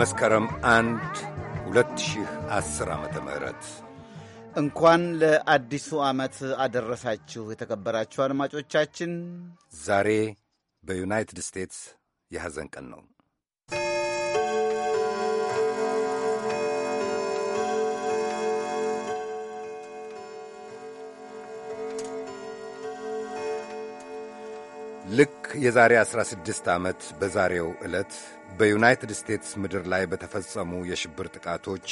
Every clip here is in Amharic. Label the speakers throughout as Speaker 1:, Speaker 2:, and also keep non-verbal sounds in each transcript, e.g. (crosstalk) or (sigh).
Speaker 1: መስከረም 1 2010 ዓ ም እንኳን
Speaker 2: ለአዲሱ ዓመት አደረሳችሁ የተከበራችሁ አድማጮቻችን። ዛሬ
Speaker 1: በዩናይትድ ስቴትስ የሐዘን ቀን ነው። ልክ የዛሬ 16 ዓመት በዛሬው ዕለት በዩናይትድ ስቴትስ ምድር ላይ በተፈጸሙ የሽብር ጥቃቶች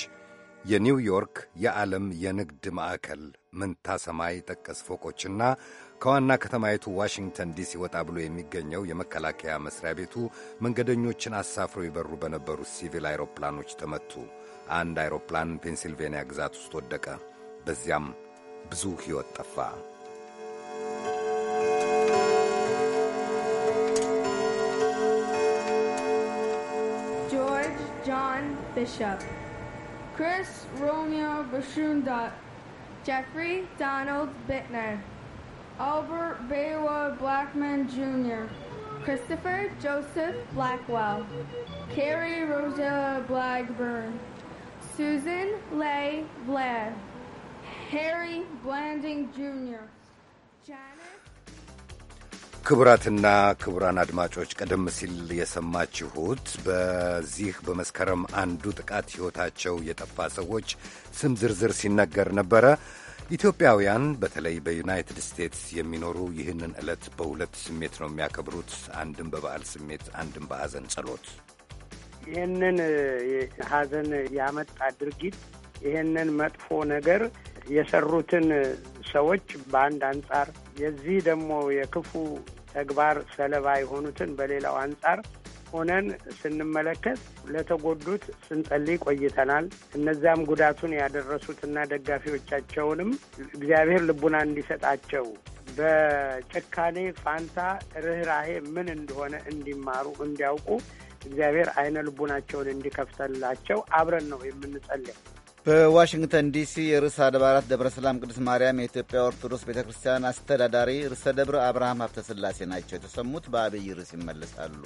Speaker 1: የኒውዮርክ የዓለም የንግድ ማዕከል መንታ ሰማይ ጠቀስ ፎቆችና ከዋና ከተማይቱ ዋሽንግተን ዲሲ ወጣ ብሎ የሚገኘው የመከላከያ መስሪያ ቤቱ መንገደኞችን አሳፍሮ ይበሩ በነበሩ ሲቪል አይሮፕላኖች ተመቱ። አንድ አይሮፕላን ፔንሲልቬንያ ግዛት ውስጥ ወደቀ። በዚያም ብዙ ሕይወት ጠፋ።
Speaker 3: John Bishop, Chris Romeo Bashunda, Jeffrey Donald Bittner, Albert Baywa Blackman Jr., Christopher Joseph Blackwell, Carrie Rosa Blackburn, Susan Lay Blair, Harry Blanding Jr., Janet.
Speaker 1: ክቡራትና ክቡራን አድማጮች ቀደም ሲል የሰማችሁት በዚህ በመስከረም አንዱ ጥቃት ሕይወታቸው የጠፋ ሰዎች ስም ዝርዝር ሲነገር ነበረ። ኢትዮጵያውያን በተለይ በዩናይትድ ስቴትስ የሚኖሩ ይህንን ዕለት በሁለት ስሜት ነው የሚያከብሩት። አንድም በበዓል ስሜት፣ አንድም በሐዘን ጸሎት።
Speaker 4: ይህንን ሐዘን ያመጣ ድርጊት ይህንን መጥፎ ነገር የሰሩትን ሰዎች በአንድ አንጻር የዚህ ደግሞ የክፉ ተግባር ሰለባ የሆኑትን በሌላው አንጻር ሆነን ስንመለከት ለተጎዱት ስንጸልይ ቆይተናል። እነዚያም ጉዳቱን ያደረሱትና ደጋፊዎቻቸውንም እግዚአብሔር ልቡና እንዲሰጣቸው በጭካኔ ፋንታ ርኅራሄ ምን እንደሆነ እንዲማሩ እንዲያውቁ እግዚአብሔር አይነ ልቡናቸውን እንዲከፍተላቸው አብረን ነው የምንጸልየው።
Speaker 2: በዋሽንግተን ዲሲ የርዕሰ አድባራት ደብረ ሰላም ቅዱስ ማርያም የኢትዮጵያ ኦርቶዶክስ ቤተ ክርስቲያን አስተዳዳሪ ርዕሰ ደብረ አብርሃም ሀብተ ስላሴ ናቸው የተሰሙት። በአብይ ርዕስ ይመለሳሉ።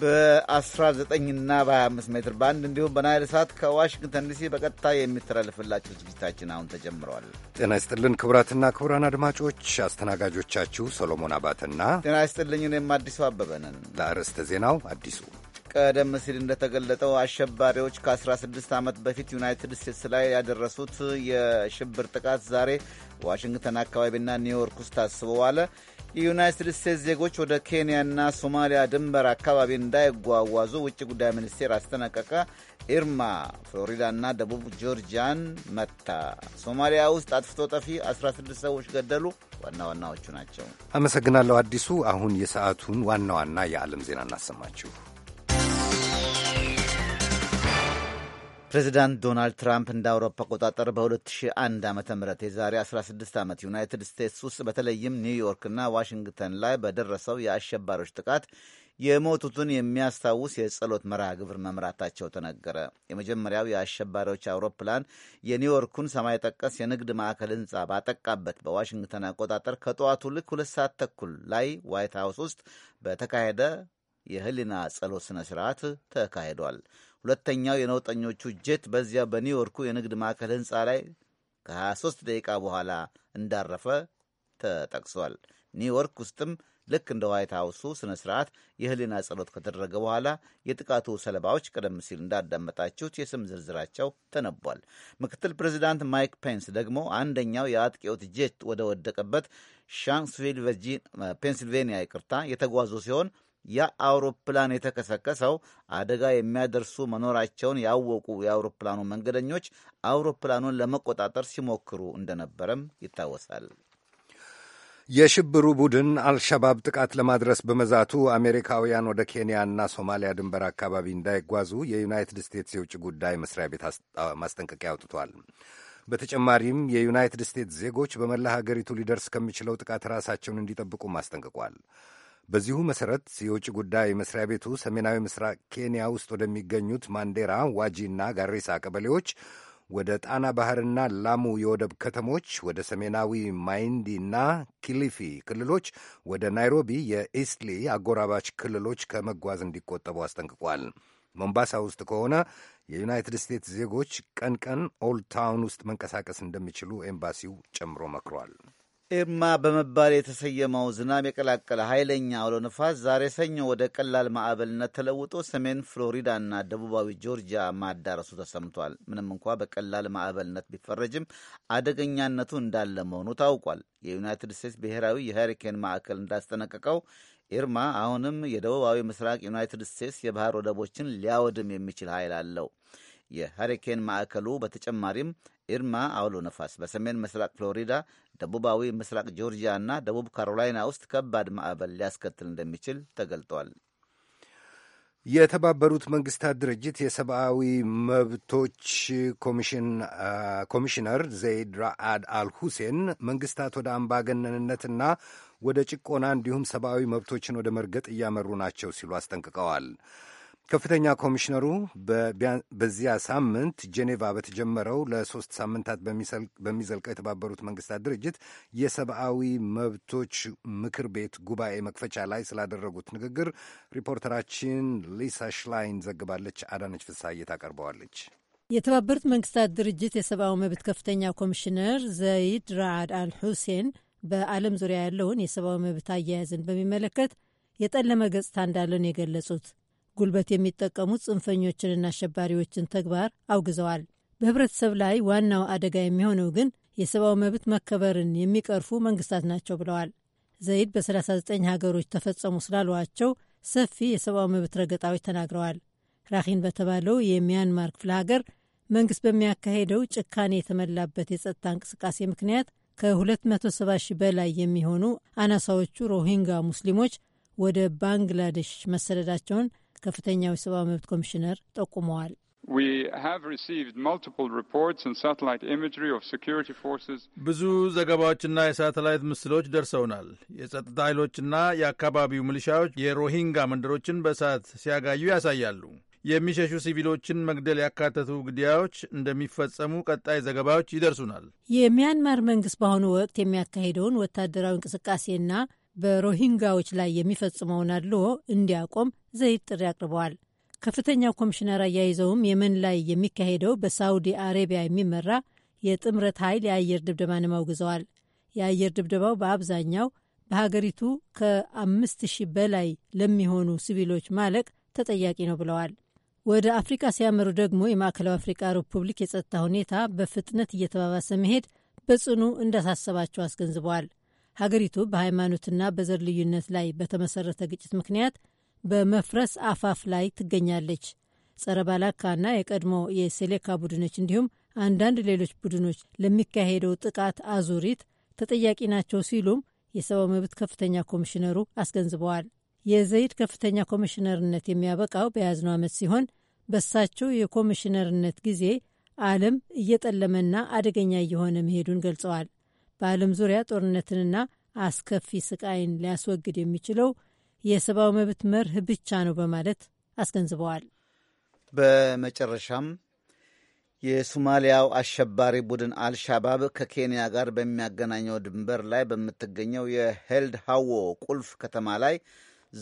Speaker 2: በ 19 እና በ25 ሜትር ባንድ እንዲሁም በናይል ሳት ከዋሽንግተን ዲሲ በቀጥታ የሚተላለፍላችሁ ዝግጅታችን አሁን ተጀምረዋል።
Speaker 1: ጤና ይስጥልን ክቡራትና ክቡራን አድማጮች አስተናጋጆቻችሁ ሰሎሞን አባተና ጤና ይስጥልኝ
Speaker 2: እኔም አዲሱ አበበ ነን።
Speaker 1: ለአርዕስተ ዜናው አዲሱ
Speaker 2: ቀደም ሲል እንደተገለጠው አሸባሪዎች ከ16 ዓመት በፊት ዩናይትድ ስቴትስ ላይ ያደረሱት የሽብር ጥቃት ዛሬ ዋሽንግተን አካባቢና ኒውዮርክ ውስጥ ታስበዋል። የዩናይትድ ስቴትስ ዜጎች ወደ ኬንያና ሶማሊያ ድንበር አካባቢ እንዳይጓጓዙ ውጭ ጉዳይ ሚኒስቴር አስጠነቀቀ። ኢርማ ፍሎሪዳና ደቡብ ጆርጂያን መታ። ሶማሊያ ውስጥ አጥፍቶ ጠፊ 16 ሰዎች ገደሉ። ዋና ዋናዎቹ ናቸው።
Speaker 1: አመሰግናለሁ አዲሱ። አሁን የሰዓቱን ዋና ዋና የዓለም ዜና እናሰማችሁ።
Speaker 2: ፕሬዚዳንት ዶናልድ ትራምፕ እንደ አውሮፓ አቆጣጠር በ2001 ዓ ም የዛሬ 16 ዓመት ዩናይትድ ስቴትስ ውስጥ በተለይም ኒውዮርክና ዋሽንግተን ላይ በደረሰው የአሸባሪዎች ጥቃት የሞቱትን የሚያስታውስ የጸሎት መርሃ ግብር መምራታቸው ተነገረ። የመጀመሪያው የአሸባሪዎች አውሮፕላን የኒውዮርኩን ሰማይ ጠቀስ የንግድ ማዕከል ህንፃ ባጠቃበት በዋሽንግተን አቆጣጠር ከጠዋቱ ልክ ሁለት ሰዓት ተኩል ላይ ዋይት ሀውስ ውስጥ በተካሄደ የህሊና ጸሎት ስነ ስርዓት ተካሂዷል። ሁለተኛው የነውጠኞቹ ጄት በዚያ በኒውዮርኩ የንግድ ማዕከል ህንፃ ላይ ከ23 ደቂቃ በኋላ እንዳረፈ ተጠቅሷል። ኒውዮርክ ውስጥም ልክ እንደ ዋይት ሀውሱ ስነ ስርዓት የህሊና ጸሎት ከተደረገ በኋላ የጥቃቱ ሰለባዎች ቀደም ሲል እንዳዳመጣችሁት የስም ዝርዝራቸው ተነቧል። ምክትል ፕሬዚዳንት ማይክ ፔንስ ደግሞ አንደኛው የአጥቂዎት ጄት ወደ ወደቀበት ሻንክስቪል ፔንሲልቬኒያ ይቅርታ የተጓዙ ሲሆን ያ አውሮፕላን የተከሰከሰው አደጋ የሚያደርሱ መኖራቸውን ያወቁ የአውሮፕላኑ መንገደኞች አውሮፕላኑን ለመቆጣጠር ሲሞክሩ እንደነበረም ይታወሳል።
Speaker 1: የሽብሩ ቡድን አልሸባብ ጥቃት ለማድረስ በመዛቱ አሜሪካውያን ወደ ኬንያና ሶማሊያ ድንበር አካባቢ እንዳይጓዙ የዩናይትድ ስቴትስ የውጭ ጉዳይ መስሪያ ቤት ማስጠንቀቂያ አውጥቷል። በተጨማሪም የዩናይትድ ስቴትስ ዜጎች በመላ ሀገሪቱ ሊደርስ ከሚችለው ጥቃት ራሳቸውን እንዲጠብቁ ማስጠንቅቋል። በዚሁ መሠረት የውጭ ጉዳይ መስሪያ ቤቱ ሰሜናዊ ምስራቅ ኬንያ ውስጥ ወደሚገኙት ማንዴራ፣ ዋጂና ጋሬሳ ጋሪሳ ቀበሌዎች ወደ ጣና ባህርና ላሙ የወደብ ከተሞች ወደ ሰሜናዊ ማይንዲ እና ኪሊፊ ክልሎች ወደ ናይሮቢ የኢስትሊ አጎራባች ክልሎች ከመጓዝ እንዲቆጠቡ አስጠንቅቋል። ሞምባሳ ውስጥ ከሆነ የዩናይትድ ስቴትስ ዜጎች ቀን ቀን ኦልድ ታውን ውስጥ መንቀሳቀስ እንደሚችሉ ኤምባሲው ጨምሮ መክሯል።
Speaker 2: ኤርማ በመባል የተሰየመው ዝናብ የቀላቀለ ኃይለኛ አውሎ ንፋስ ዛሬ ሰኞ ወደ ቀላል ማዕበልነት ተለውጦ ሰሜን ፍሎሪዳና ደቡባዊ ጆርጂያ ማዳረሱ ተሰምቷል። ምንም እንኳ በቀላል ማዕበልነት ቢፈረጅም አደገኛነቱ እንዳለ መሆኑ ታውቋል። የዩናይትድ ስቴትስ ብሔራዊ የሃሪኬን ማዕከል እንዳስጠነቀቀው ኢርማ አሁንም የደቡባዊ ምስራቅ ዩናይትድ ስቴትስ የባህር ወደቦችን ሊያወድም የሚችል ኃይል አለው። የሀሪኬን ማዕከሉ በተጨማሪም ኢርማ አውሎ ነፋስ በሰሜን ምስራቅ ፍሎሪዳ፣ ደቡባዊ ምስራቅ ጆርጂያ እና ደቡብ ካሮላይና ውስጥ ከባድ ማዕበል ሊያስከትል እንደሚችል ተገልጧል።
Speaker 1: የተባበሩት መንግስታት ድርጅት የሰብአዊ መብቶች ኮሚሽነር ዘይድ ራአድ አል ሁሴን መንግስታት ወደ አምባገነንነትና ወደ ጭቆና እንዲሁም ሰብአዊ መብቶችን ወደ መርገጥ እያመሩ ናቸው ሲሉ አስጠንቅቀዋል። ከፍተኛ ኮሚሽነሩ በዚያ ሳምንት ጄኔቫ በተጀመረው ለሶስት ሳምንታት በሚዘልቀው የተባበሩት መንግስታት ድርጅት የሰብአዊ መብቶች ምክር ቤት ጉባኤ መክፈቻ ላይ ስላደረጉት ንግግር ሪፖርተራችን ሊሳ ሽላይን ዘግባለች። አዳነች ፍሳሐዬ ታቀርበዋለች።
Speaker 5: የተባበሩት መንግስታት ድርጅት የሰብአዊ መብት ከፍተኛ ኮሚሽነር ዘይድ ራአድ አል ሁሴን በዓለም ዙሪያ ያለውን የሰብአዊ መብት አያያዝን በሚመለከት የጠለመ ገጽታ እንዳለ ነው የገለጹት። ጉልበት የሚጠቀሙት ጽንፈኞችንና አሸባሪዎችን ተግባር አውግዘዋል። በህብረተሰብ ላይ ዋናው አደጋ የሚሆነው ግን የሰብአዊ መብት መከበርን የሚቀርፉ መንግስታት ናቸው ብለዋል። ዘይድ በ39 ሀገሮች ተፈጸሙ ስላሏቸው ሰፊ የሰብአዊ መብት ረገጣዎች ተናግረዋል። ራኪን በተባለው የሚያንማር ክፍለ ሀገር መንግስት በሚያካሄደው ጭካኔ የተመላበት የጸጥታ እንቅስቃሴ ምክንያት ከ270 ሺህ በላይ የሚሆኑ አናሳዎቹ ሮሂንጋ ሙስሊሞች ወደ ባንግላዴሽ መሰደዳቸውን ከፍተኛው የሰብአዊ መብት ኮሚሽነር ጠቁመዋል።
Speaker 6: ብዙ ዘገባዎችና የሳተላይት ምስሎች ደርሰውናል። የጸጥታ ኃይሎችና የአካባቢው ሚሊሻዎች የሮሂንጋ መንደሮችን በእሳት ሲያጋዩ ያሳያሉ። የሚሸሹ ሲቪሎችን መግደል ያካተቱ ግድያዎች እንደሚፈጸሙ ቀጣይ ዘገባዎች ይደርሱናል።
Speaker 5: የሚያንማር መንግስት በአሁኑ ወቅት የሚያካሂደውን ወታደራዊ እንቅስቃሴና በሮሂንጋዎች ላይ የሚፈጽመውን አድልዎ እንዲያቆም ዘይድ ጥሪ አቅርበዋል። ከፍተኛው ኮሚሽነር አያይዘውም የመን ላይ የሚካሄደው በሳውዲ አረቢያ የሚመራ የጥምረት ኃይል የአየር ድብደባን አውግዘዋል። የአየር ድብደባው በአብዛኛው በሀገሪቱ ከአምስት ሺህ በላይ ለሚሆኑ ሲቪሎች ማለቅ ተጠያቂ ነው ብለዋል። ወደ አፍሪቃ ሲያመሩ ደግሞ የማዕከላዊ አፍሪቃ ሪፑብሊክ የጸጥታ ሁኔታ በፍጥነት እየተባባሰ መሄድ በጽኑ እንዳሳሰባቸው አስገንዝበዋል። ሀገሪቱ በሃይማኖትና በዘር ልዩነት ላይ በተመሰረተ ግጭት ምክንያት በመፍረስ አፋፍ ላይ ትገኛለች። ጸረ ባላካና የቀድሞ የሴሌካ ቡድኖች እንዲሁም አንዳንድ ሌሎች ቡድኖች ለሚካሄደው ጥቃት አዙሪት ተጠያቂ ናቸው ሲሉም የሰብአዊ መብት ከፍተኛ ኮሚሽነሩ አስገንዝበዋል። የዘይድ ከፍተኛ ኮሚሽነርነት የሚያበቃው በያዝነው ዓመት ሲሆን በሳቸው የኮሚሽነርነት ጊዜ ዓለም እየጠለመና አደገኛ እየሆነ መሄዱን ገልጸዋል። በዓለም ዙሪያ ጦርነትንና አስከፊ ስቃይን ሊያስወግድ የሚችለው የሰብአዊ መብት መርህ ብቻ ነው በማለት አስገንዝበዋል።
Speaker 2: በመጨረሻም የሶማሊያው አሸባሪ ቡድን አልሻባብ ከኬንያ ጋር በሚያገናኘው ድንበር ላይ በምትገኘው የሄልድ ሃዎ ቁልፍ ከተማ ላይ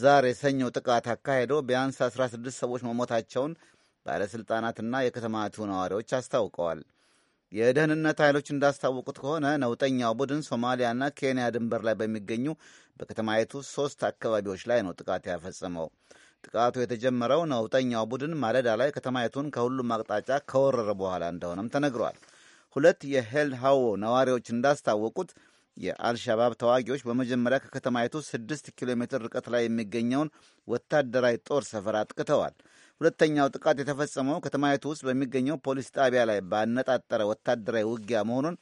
Speaker 2: ዛሬ ሰኞ ጥቃት አካሄደው ቢያንስ 16 ሰዎች መሞታቸውን ባለሥልጣናትና የከተማቱ ነዋሪዎች አስታውቀዋል። የደህንነት ኃይሎች እንዳስታወቁት ከሆነ ነውጠኛው ቡድን ሶማሊያና ኬንያ ድንበር ላይ በሚገኙ በከተማይቱ ሶስት አካባቢዎች ላይ ነው ጥቃት ያፈጸመው። ጥቃቱ የተጀመረው ነውጠኛው ቡድን ማለዳ ላይ ከተማይቱን ከሁሉም አቅጣጫ ከወረረ በኋላ እንደሆነም ተነግሯል። ሁለት የሄል ሃዎ ነዋሪዎች እንዳስታወቁት የአልሻባብ ተዋጊዎች በመጀመሪያ ከከተማይቱ 6 ኪሎ ሜትር ርቀት ላይ የሚገኘውን ወታደራዊ ጦር ሰፈር አጥቅተዋል። ሁለተኛው ጥቃት የተፈጸመው ከተማይቱ ውስጥ በሚገኘው ፖሊስ ጣቢያ ላይ ባነጣጠረ ወታደራዊ ውጊያ መሆኑን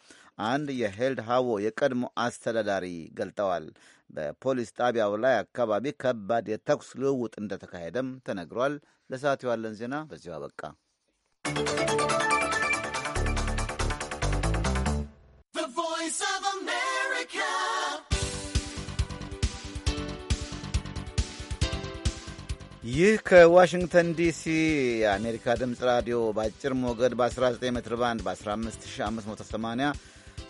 Speaker 2: አንድ የሄልድ ሃዎ የቀድሞ አስተዳዳሪ ገልጠዋል። በፖሊስ ጣቢያው ላይ አካባቢ ከባድ የተኩስ ልውውጥ እንደተካሄደም ተነግሯል። ለሰዓት የዋለን ዜና በዚሁ አበቃ። ይህ ከዋሽንግተን ዲሲ የአሜሪካ ድምፅ ራዲዮ በአጭር ሞገድ በ19 ሜትር ባንድ በ15580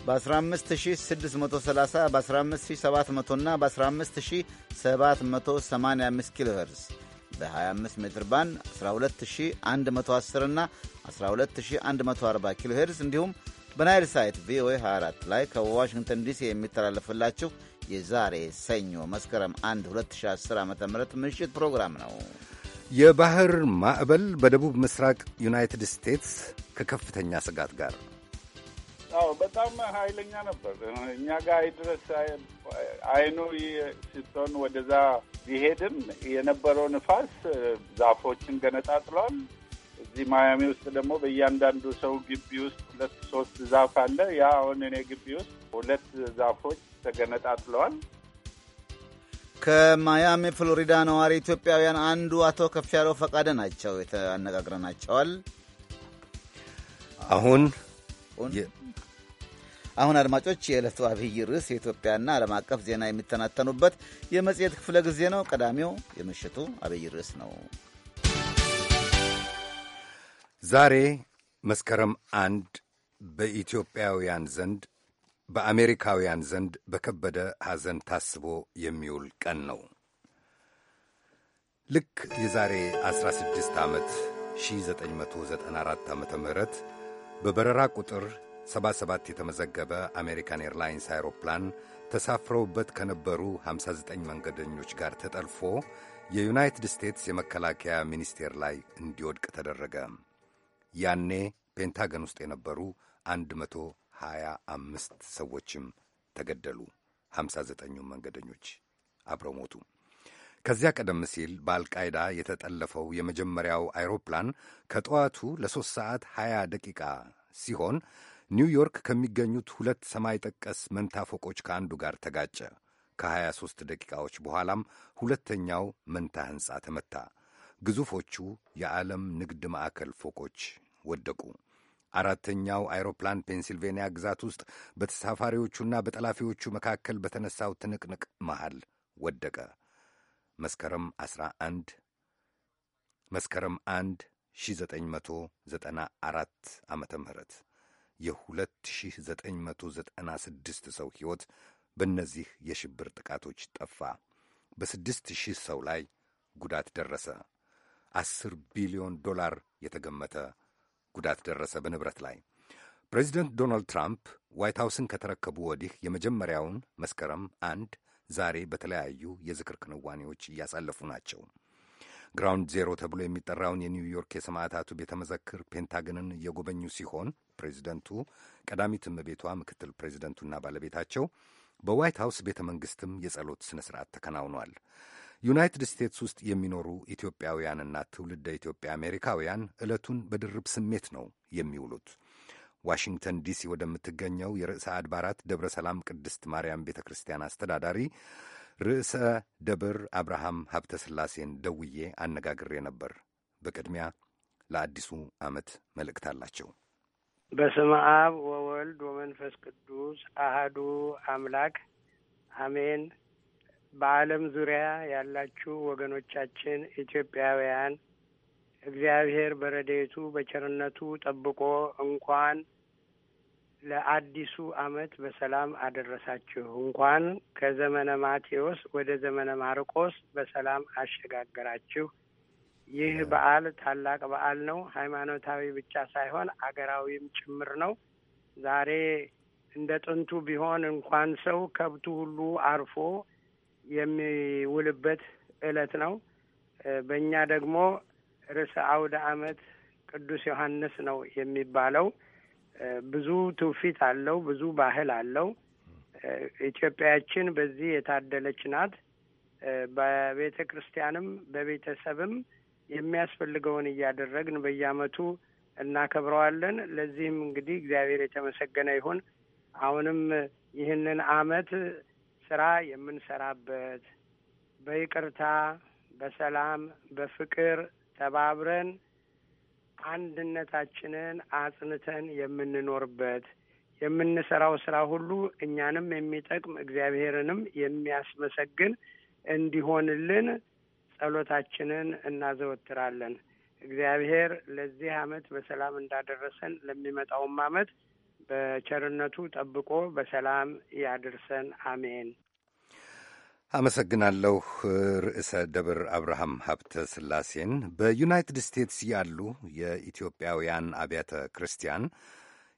Speaker 2: በ15630 በ15700 እና በ15785 ኪሎ ሄርዝ በ25 ሜትር ባንድ 12110 እና 12140 ኪሎ ሄርዝ እንዲሁም በናይል ሳይት ቪኦኤ 24 ላይ ከዋሽንግተን ዲሲ የሚተላለፍላችሁ የዛሬ ሰኞ መስከረም 1 2010 ዓ ም ምሽት ፕሮግራም ነው።
Speaker 1: የባህር ማዕበል በደቡብ ምስራቅ ዩናይትድ ስቴትስ ከከፍተኛ ስጋት ጋር
Speaker 6: አዎ፣ በጣም ኃይለኛ ነበር። እኛ ጋር አይድረስ አይኑ ስትሆን ወደዛ ቢሄድም የነበረው ንፋስ ዛፎችን ገነጣጥሏል። እዚህ ማያሚ ውስጥ ደግሞ በእያንዳንዱ ሰው ግቢ ውስጥ ሁለት ሶስት ዛፍ አለ። ያ አሁን እኔ ግቢ ውስጥ ሁለት ዛፎች ተገነጣጥለዋል።
Speaker 2: ከማያሚ ፍሎሪዳ ነዋሪ ኢትዮጵያውያን አንዱ አቶ ከፍ ያለው ፈቃደ ናቸው። የተነጋግረናቸዋል። አሁን አሁን አድማጮች የዕለቱ አብይ ርዕስ የኢትዮጵያና ዓለም አቀፍ ዜና የሚተናተኑበት የመጽሔት ክፍለ ጊዜ ነው።
Speaker 1: ቀዳሚው የምሽቱ አብይ ርዕስ ነው። ዛሬ መስከረም አንድ በኢትዮጵያውያን ዘንድ በአሜሪካውያን ዘንድ በከበደ ሐዘን ታስቦ የሚውል ቀን ነው። ልክ የዛሬ 16 ዓመት 1994 ዓ ም በበረራ ቁጥር 77 የተመዘገበ አሜሪካን ኤርላይንስ አይሮፕላን ተሳፍረውበት ከነበሩ 59 መንገደኞች ጋር ተጠልፎ የዩናይትድ ስቴትስ የመከላከያ ሚኒስቴር ላይ እንዲወድቅ ተደረገ። ያኔ ፔንታገን ውስጥ የነበሩ 125 ሰዎችም ተገደሉ። 59ኙ መንገደኞች አብረው ሞቱ። ከዚያ ቀደም ሲል በአልቃይዳ የተጠለፈው የመጀመሪያው አይሮፕላን ከጠዋቱ ለሦስት ሰዓት 20 ደቂቃ ሲሆን ኒውዮርክ ከሚገኙት ሁለት ሰማይ ጠቀስ መንታ ፎቆች ከአንዱ ጋር ተጋጨ። ከ23 ደቂቃዎች በኋላም ሁለተኛው መንታ ሕንፃ ተመታ። ግዙፎቹ የዓለም ንግድ ማዕከል ፎቆች ወደቁ። አራተኛው አይሮፕላን ፔንሲልቬንያ ግዛት ውስጥ በተሳፋሪዎቹና በጠላፊዎቹ መካከል በተነሳው ትንቅንቅ መሃል ወደቀ። መስከረም 11 መስከረም 1 1994 ዓ ም የ2996 ሰው ሕይወት በእነዚህ የሽብር ጥቃቶች ጠፋ። በስድስት ሺህ ሰው ላይ ጉዳት ደረሰ። 10 ቢሊዮን ዶላር የተገመተ ጉዳት ደረሰ በንብረት ላይ። ፕሬዚደንት ዶናልድ ትራምፕ ዋይት ሀውስን ከተረከቡ ወዲህ የመጀመሪያውን መስከረም አንድ ዛሬ በተለያዩ የዝክር ክንዋኔዎች እያሳለፉ ናቸው። ግራውንድ ዜሮ ተብሎ የሚጠራውን የኒውዮርክ የሰማዕታቱ ቤተ መዘክር ፔንታግንን የጎበኙ ሲሆን ፕሬዚደንቱ፣ ቀዳሚት እመቤቷ፣ ምክትል ፕሬዚደንቱና ባለቤታቸው በዋይት ሀውስ ቤተ መንግሥትም የጸሎት ሥነ ሥርዓት ተከናውኗል። ዩናይትድ ስቴትስ ውስጥ የሚኖሩ ኢትዮጵያውያንና ትውልደ ኢትዮጵያ አሜሪካውያን ዕለቱን በድርብ ስሜት ነው የሚውሉት። ዋሽንግተን ዲሲ ወደምትገኘው የርዕሰ አድባራት ደብረ ሰላም ቅድስት ማርያም ቤተ ክርስቲያን አስተዳዳሪ ርዕሰ ደብር አብርሃም ሀብተ ሥላሴን ደውዬ አነጋግሬ ነበር። በቅድሚያ ለአዲሱ ዓመት መልእክት አላቸው። በስመ አብ
Speaker 4: ወወልድ ወመንፈስ ቅዱስ አህዱ አምላክ አሜን። በዓለም ዙሪያ ያላችሁ ወገኖቻችን ኢትዮጵያውያን እግዚአብሔር በረድኤቱ በቸርነቱ ጠብቆ እንኳን ለአዲሱ ዓመት በሰላም አደረሳችሁ። እንኳን ከዘመነ ማቴዎስ ወደ ዘመነ ማርቆስ በሰላም አሸጋገራችሁ። ይህ በዓል ታላቅ በዓል ነው። ሃይማኖታዊ ብቻ ሳይሆን አገራዊም ጭምር ነው። ዛሬ እንደ ጥንቱ ቢሆን እንኳን ሰው ከብቱ ሁሉ አርፎ የሚውልበት ዕለት ነው። በእኛ ደግሞ ርዕሰ አውደ ዓመት ቅዱስ ዮሐንስ ነው የሚባለው። ብዙ ትውፊት አለው፣ ብዙ ባህል አለው። ኢትዮጵያችን በዚህ የታደለች ናት። በቤተ ክርስቲያንም በቤተሰብም የሚያስፈልገውን እያደረግን በየዓመቱ እናከብረዋለን። ለዚህም እንግዲህ እግዚአብሔር የተመሰገነ ይሁን። አሁንም ይህንን ዓመት ስራ የምንሰራበት በይቅርታ፣ በሰላም፣ በፍቅር ተባብረን አንድነታችንን አጽንተን የምንኖርበት የምንሰራው ስራ ሁሉ እኛንም የሚጠቅም እግዚአብሔርንም የሚያስመሰግን እንዲሆንልን ጸሎታችንን እናዘወትራለን። እግዚአብሔር ለዚህ ዓመት በሰላም እንዳደረሰን ለሚመጣውም ዓመት በቸርነቱ ጠብቆ በሰላም ያድርሰን። አሜን።
Speaker 1: አመሰግናለሁ ርዕሰ ደብር አብርሃም ሀብተ ስላሴን በዩናይትድ ስቴትስ ያሉ የኢትዮጵያውያን አብያተ ክርስቲያን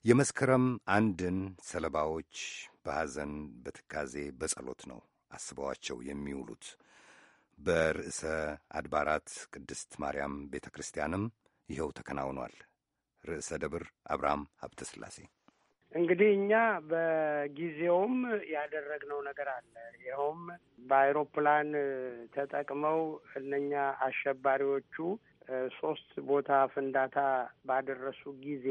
Speaker 1: የመስከረም አንድን ሰለባዎች በሐዘን፣ በትካዜ፣ በጸሎት ነው አስበዋቸው የሚውሉት። በርዕሰ አድባራት ቅድስት ማርያም ቤተ ክርስቲያንም ይኸው ተከናውኗል። ርዕሰ ደብር አብርሃም ሀብተ ስላሴ።
Speaker 4: እንግዲህ እኛ በጊዜውም ያደረግነው ነገር አለ። ይኸውም በአይሮፕላን ተጠቅመው እነኛ አሸባሪዎቹ ሶስት ቦታ ፍንዳታ ባደረሱ ጊዜ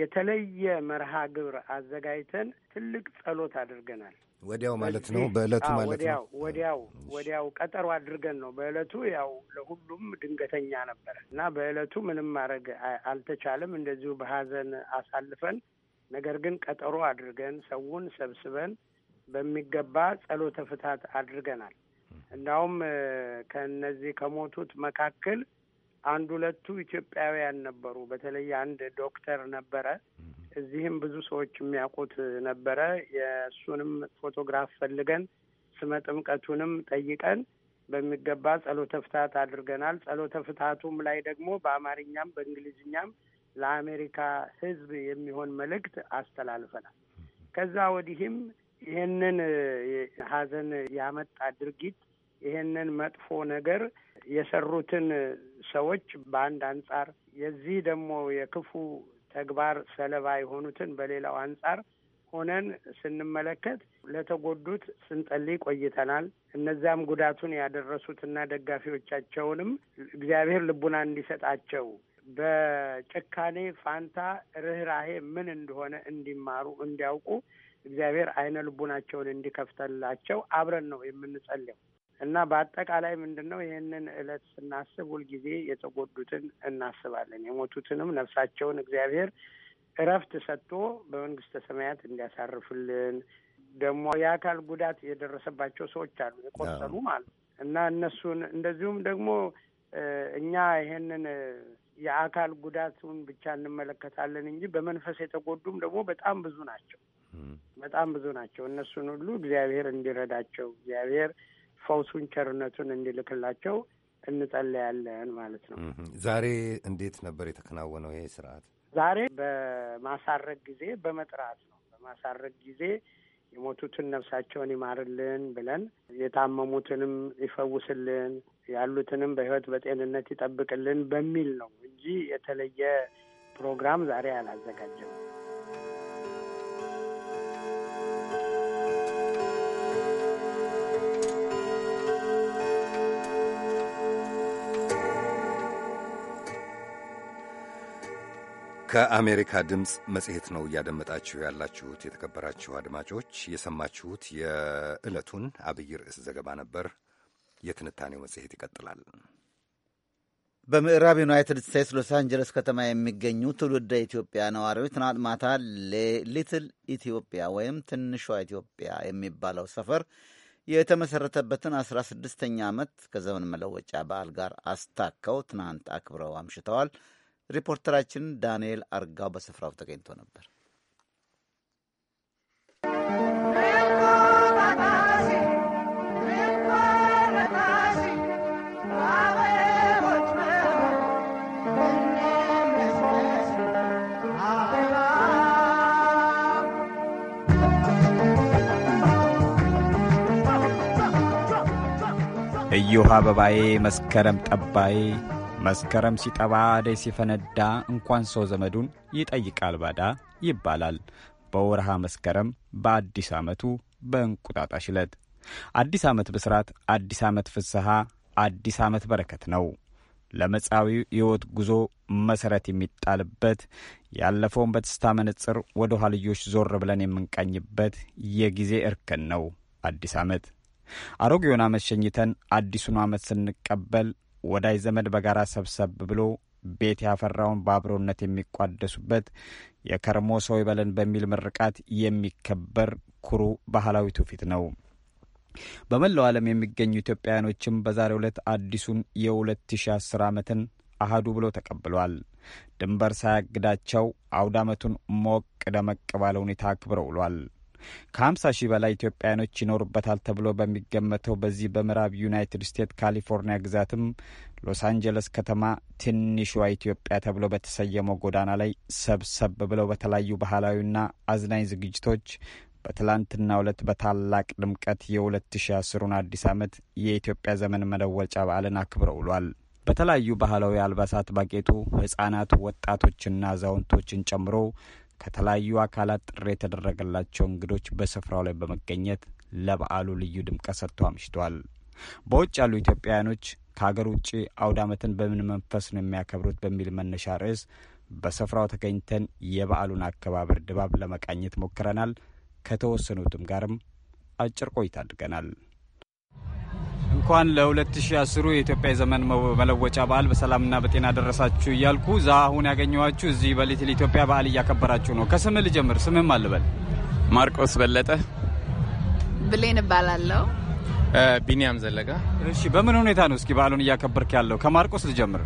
Speaker 4: የተለየ መርሃ ግብር አዘጋጅተን ትልቅ ጸሎት አድርገናል።
Speaker 1: ወዲያው ማለት ነው፣ በእለቱ ማለት ነው።
Speaker 4: ወዲያው ወዲያው ቀጠሮ አድርገን ነው። በእለቱ ያው ለሁሉም ድንገተኛ ነበረ እና በእለቱ ምንም ማድረግ አልተቻለም። እንደዚሁ በሀዘን አሳልፈን ነገር ግን ቀጠሮ አድርገን ሰውን ሰብስበን በሚገባ ጸሎተ ፍታት አድርገናል። እንዳውም ከነዚህ ከሞቱት መካከል አንድ ሁለቱ ኢትዮጵያውያን ነበሩ። በተለይ አንድ ዶክተር ነበረ፣ እዚህም ብዙ ሰዎች የሚያውቁት ነበረ። የእሱንም ፎቶግራፍ ፈልገን ስመ ጥምቀቱንም ጠይቀን በሚገባ ጸሎተ ፍታት አድርገናል። ጸሎተ ፍታቱም ላይ ደግሞ በአማርኛም በእንግሊዝኛም ለአሜሪካ ሕዝብ የሚሆን መልእክት አስተላልፈናል። ከዛ ወዲህም ይህንን ሀዘን ያመጣ ድርጊት ይህንን መጥፎ ነገር የሰሩትን ሰዎች በአንድ አንጻር፣ የዚህ ደግሞ የክፉ ተግባር ሰለባ የሆኑትን በሌላው አንጻር ሆነን ስንመለከት ለተጎዱት ስንጸልይ ቆይተናል። እነዚያም ጉዳቱን ያደረሱትና ደጋፊዎቻቸውንም እግዚአብሔር ልቡና እንዲሰጣቸው በጭካኔ ፋንታ ርኅራሄ ምን እንደሆነ እንዲማሩ እንዲያውቁ እግዚአብሔር አይነ ልቡናቸውን እንዲከፍተላቸው አብረን ነው የምንጸልየው እና በአጠቃላይ ምንድን ነው ይህንን ዕለት ስናስብ ሁልጊዜ የተጎዱትን እናስባለን። የሞቱትንም ነፍሳቸውን እግዚአብሔር እረፍት ሰጥቶ በመንግስተ ሰማያት እንዲያሳርፍልን ደግሞ የአካል ጉዳት የደረሰባቸው ሰዎች አሉ፣ የቆሰሉ ማለት እና እነሱን እንደዚሁም ደግሞ እኛ ይሄንን የአካል ጉዳቱን ብቻ እንመለከታለን እንጂ በመንፈስ የተጎዱም ደግሞ በጣም ብዙ ናቸው። በጣም ብዙ ናቸው። እነሱን ሁሉ እግዚአብሔር እንዲረዳቸው እግዚአብሔር ፈውሱን ቸርነቱን እንዲልክላቸው እንጸለያለን ማለት ነው።
Speaker 1: ዛሬ እንዴት ነበር የተከናወነው ይሄ ስርዓት?
Speaker 4: ዛሬ በማሳረግ ጊዜ በመጥራት ነው። በማሳረግ ጊዜ የሞቱትን ነፍሳቸውን ይማርልን ብለን የታመሙትንም ይፈውስልን ያሉትንም በሕይወት በጤንነት ይጠብቅልን በሚል ነው እንጂ የተለየ ፕሮግራም ዛሬ አላዘጋጀም።
Speaker 1: ከአሜሪካ ድምፅ መጽሔት ነው እያደመጣችሁ ያላችሁት። የተከበራችሁ አድማጮች የሰማችሁት የዕለቱን አብይ ርዕስ ዘገባ ነበር። የትንታኔው መጽሔት ይቀጥላል።
Speaker 2: በምዕራብ ዩናይትድ ስቴትስ ሎስ አንጀለስ ከተማ የሚገኙ ትውልደ ኢትዮጵያ ነዋሪዎች ትናንት ማታ ሊትል ኢትዮጵያ ወይም ትንሿ ኢትዮጵያ የሚባለው ሰፈር የተመሰረተበትን 16ኛ ዓመት ከዘመን መለወጫ በዓል ጋር አስታከው ትናንት አክብረው አምሽተዋል። ሪፖርተራችን ዳንኤል አርጋው በስፍራው ተገኝቶ ነበር።
Speaker 7: እዮሃ አበባዬ መስከረም ጠባዬ መስከረም ሲጠባ አደይ ሲፈነዳ እንኳን ሰው ዘመዱን ይጠይቃል ባዳ ይባላል። በወርሃ መስከረም በአዲስ ዓመቱ በእንቁጣጣሽ ዕለት አዲስ ዓመት ብስራት፣ አዲስ ዓመት ፍስሐ፣ አዲስ ዓመት በረከት ነው። ለመጻዊ ሕይወት ጉዞ መሠረት የሚጣልበት ያለፈውን በትስታ መነጽር ወደ ኋልዮች ዞር ብለን የምንቃኝበት የጊዜ እርከን ነው አዲስ ዓመት። አሮጌውን ዓመት ሸኝተን አዲሱን ዓመት ስንቀበል ወዳጅ ዘመድ በጋራ ሰብሰብ ብሎ ቤት ያፈራውን በአብሮነት የሚቋደሱበት የከርሞ ሰው ይበለን በሚል ምርቃት የሚከበር ኩሩ ባህላዊ ትውፊት ነው። በመላው ዓለም የሚገኙ ኢትዮጵያውያኖችም በዛሬው ዕለት አዲሱን የ2010 ዓመትን አህዱ ብሎ ተቀብሏል። ድንበር ሳያግዳቸው አውድ ዓመቱን ሞቅ ደመቅ ባለ ሁኔታ አክብረው ውሏል። ከ50 ሺህ በላይ ኢትዮጵያውያኖች ይኖሩበታል ተብሎ በሚገመተው በዚህ በምዕራብ ዩናይትድ ስቴትስ ካሊፎርኒያ ግዛትም ሎስ አንጀለስ ከተማ ትንሿ ኢትዮጵያ ተብሎ በተሰየመው ጎዳና ላይ ሰብሰብ ብለው በተለያዩ ባህላዊና አዝናኝ ዝግጅቶች በትላንትና ዕለት በታላቅ ድምቀት የ2010ሩን አዲስ ዓመት የኢትዮጵያ ዘመን መለወጫ በዓልን አክብረው ውሏል። በተለያዩ ባህላዊ አልባሳት ባጌጡ ሕፃናት ወጣቶችና አዛውንቶችን ጨምሮ ከተለያዩ አካላት ጥሪ የተደረገላቸው እንግዶች በስፍራው ላይ በመገኘት ለበዓሉ ልዩ ድምቀት ሰጥቶ አምሽቷል። በውጭ ያሉ ኢትዮጵያውያኖች ከሀገር ውጭ አውድ ዓመትን በምን መንፈስ ነው የሚያከብሩት በሚል መነሻ ርዕስ በስፍራው ተገኝተን የበዓሉን አከባበር ድባብ ለመቃኘት ሞክረናል። ከተወሰኑትም ጋርም አጭር ቆይታ አድርገናል። እንኳን ለ2010 የኢትዮጵያ የዘመን መለወጫ በዓል በሰላምና በጤና ደረሳችሁ እያልኩ ዛ አሁን ያገኘኋችሁ እዚህ በሊትል ኢትዮጵያ በዓል እያከበራችሁ ነው። ከስም ልጀምር። ስምም አልበል። ማርቆስ በለጠ።
Speaker 8: ብሌን እባላለሁ።
Speaker 7: ቢኒያም ዘለጋ። እሺ፣ በምን ሁኔታ ነው እስኪ በዓሉን እያከበርክ ያለው? ከማርቆስ ልጀምር።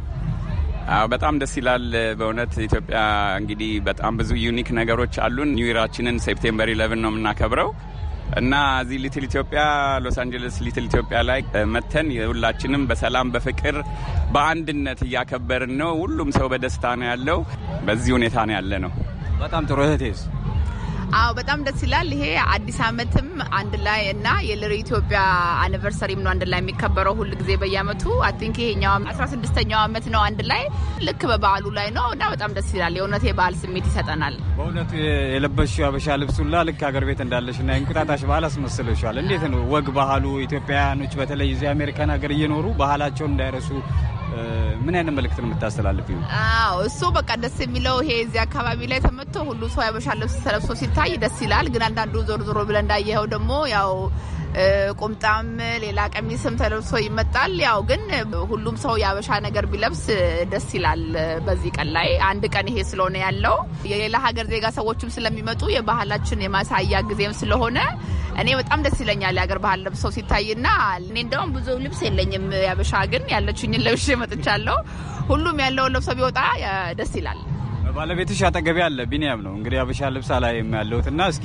Speaker 9: በጣም ደስ ይላል። በእውነት ኢትዮጵያ እንግዲህ በጣም ብዙ ዩኒክ ነገሮች አሉን። ኒውራችንን ሴፕቴምበር 11 ነው የምናከብረው እና እዚህ ሊትል ኢትዮጵያ ሎስ አንጀለስ ሊትል ኢትዮጵያ ላይ መተን ሁላችንም በሰላም በፍቅር በአንድነት እያከበርን ነው። ሁሉም ሰው በደስታ ነው ያለው። በዚህ ሁኔታ ነው ያለ ነው። በጣም ጥሩ እህቴስ
Speaker 8: አዎ በጣም ደስ ይላል። ይሄ አዲስ አመትም አንድ ላይ እና የልር ኢትዮጵያ አኒቨርሰሪም ነው አንድ ላይ የሚከበረው ሁል ጊዜ በየአመቱ አይ ቲንክ ይሄኛው አስራ ስድስተኛው ዓመት ነው አንድ ላይ ልክ በበዓሉ ላይ ነው እና በጣም ደስ ይላል። የእውነት የበዓል ስሜት ይሰጠናል። በእውነቱ
Speaker 7: የለበስሽው አበሻ ልብሱላ ልክ ሀገር ቤት እንዳለሽ እና የእንቁጣጣሽ በዓል አስመስለሻል። እንዴት ነው ወግ ባህሉ ኢትዮጵያውያኖች በተለይ እዚህ አሜሪካን ሀገር እየኖሩ ባህላቸውን እንዳይረሱ ምን አይነት መልእክት ነው የምታስተላልፊው?
Speaker 8: አዎ እሱ በቃ ደስ የሚለው ይሄ እዚህ አካባቢ ላይ ተመቶ ሁሉ ሰው ያበሻ ልብስ ተለብሶ ሲታይ ደስ ይላል። ግን አንዳንዱ ዞር ዞሮ ብለ እንዳየኸው ደግሞ ያው ቁምጣም ሌላ ቀሚስም ተለብሶ ይመጣል። ያው ግን ሁሉም ሰው የአበሻ ነገር ቢለብስ ደስ ይላል። በዚህ ቀን ላይ አንድ ቀን ይሄ ስለሆነ ያለው የሌላ ሀገር ዜጋ ሰዎችም ስለሚመጡ የባህላችን የማሳያ ጊዜም ስለሆነ እኔ በጣም ደስ ይለኛል የሀገር ባህል ለብሰው ሲታይና እኔ እንደውም ብዙ ልብስ የለኝም ያበሻ ግን ያለችኝን ለብሼ መጥቻለሁ። ሁሉም ያለውን ለብሶ ቢወጣ ደስ ይላል።
Speaker 7: ባለቤትሽ አጠገቤ አለ ቢኒያም ነው እንግዲህ አበሻ ልብስ አላይም ያለሁት እና እስኪ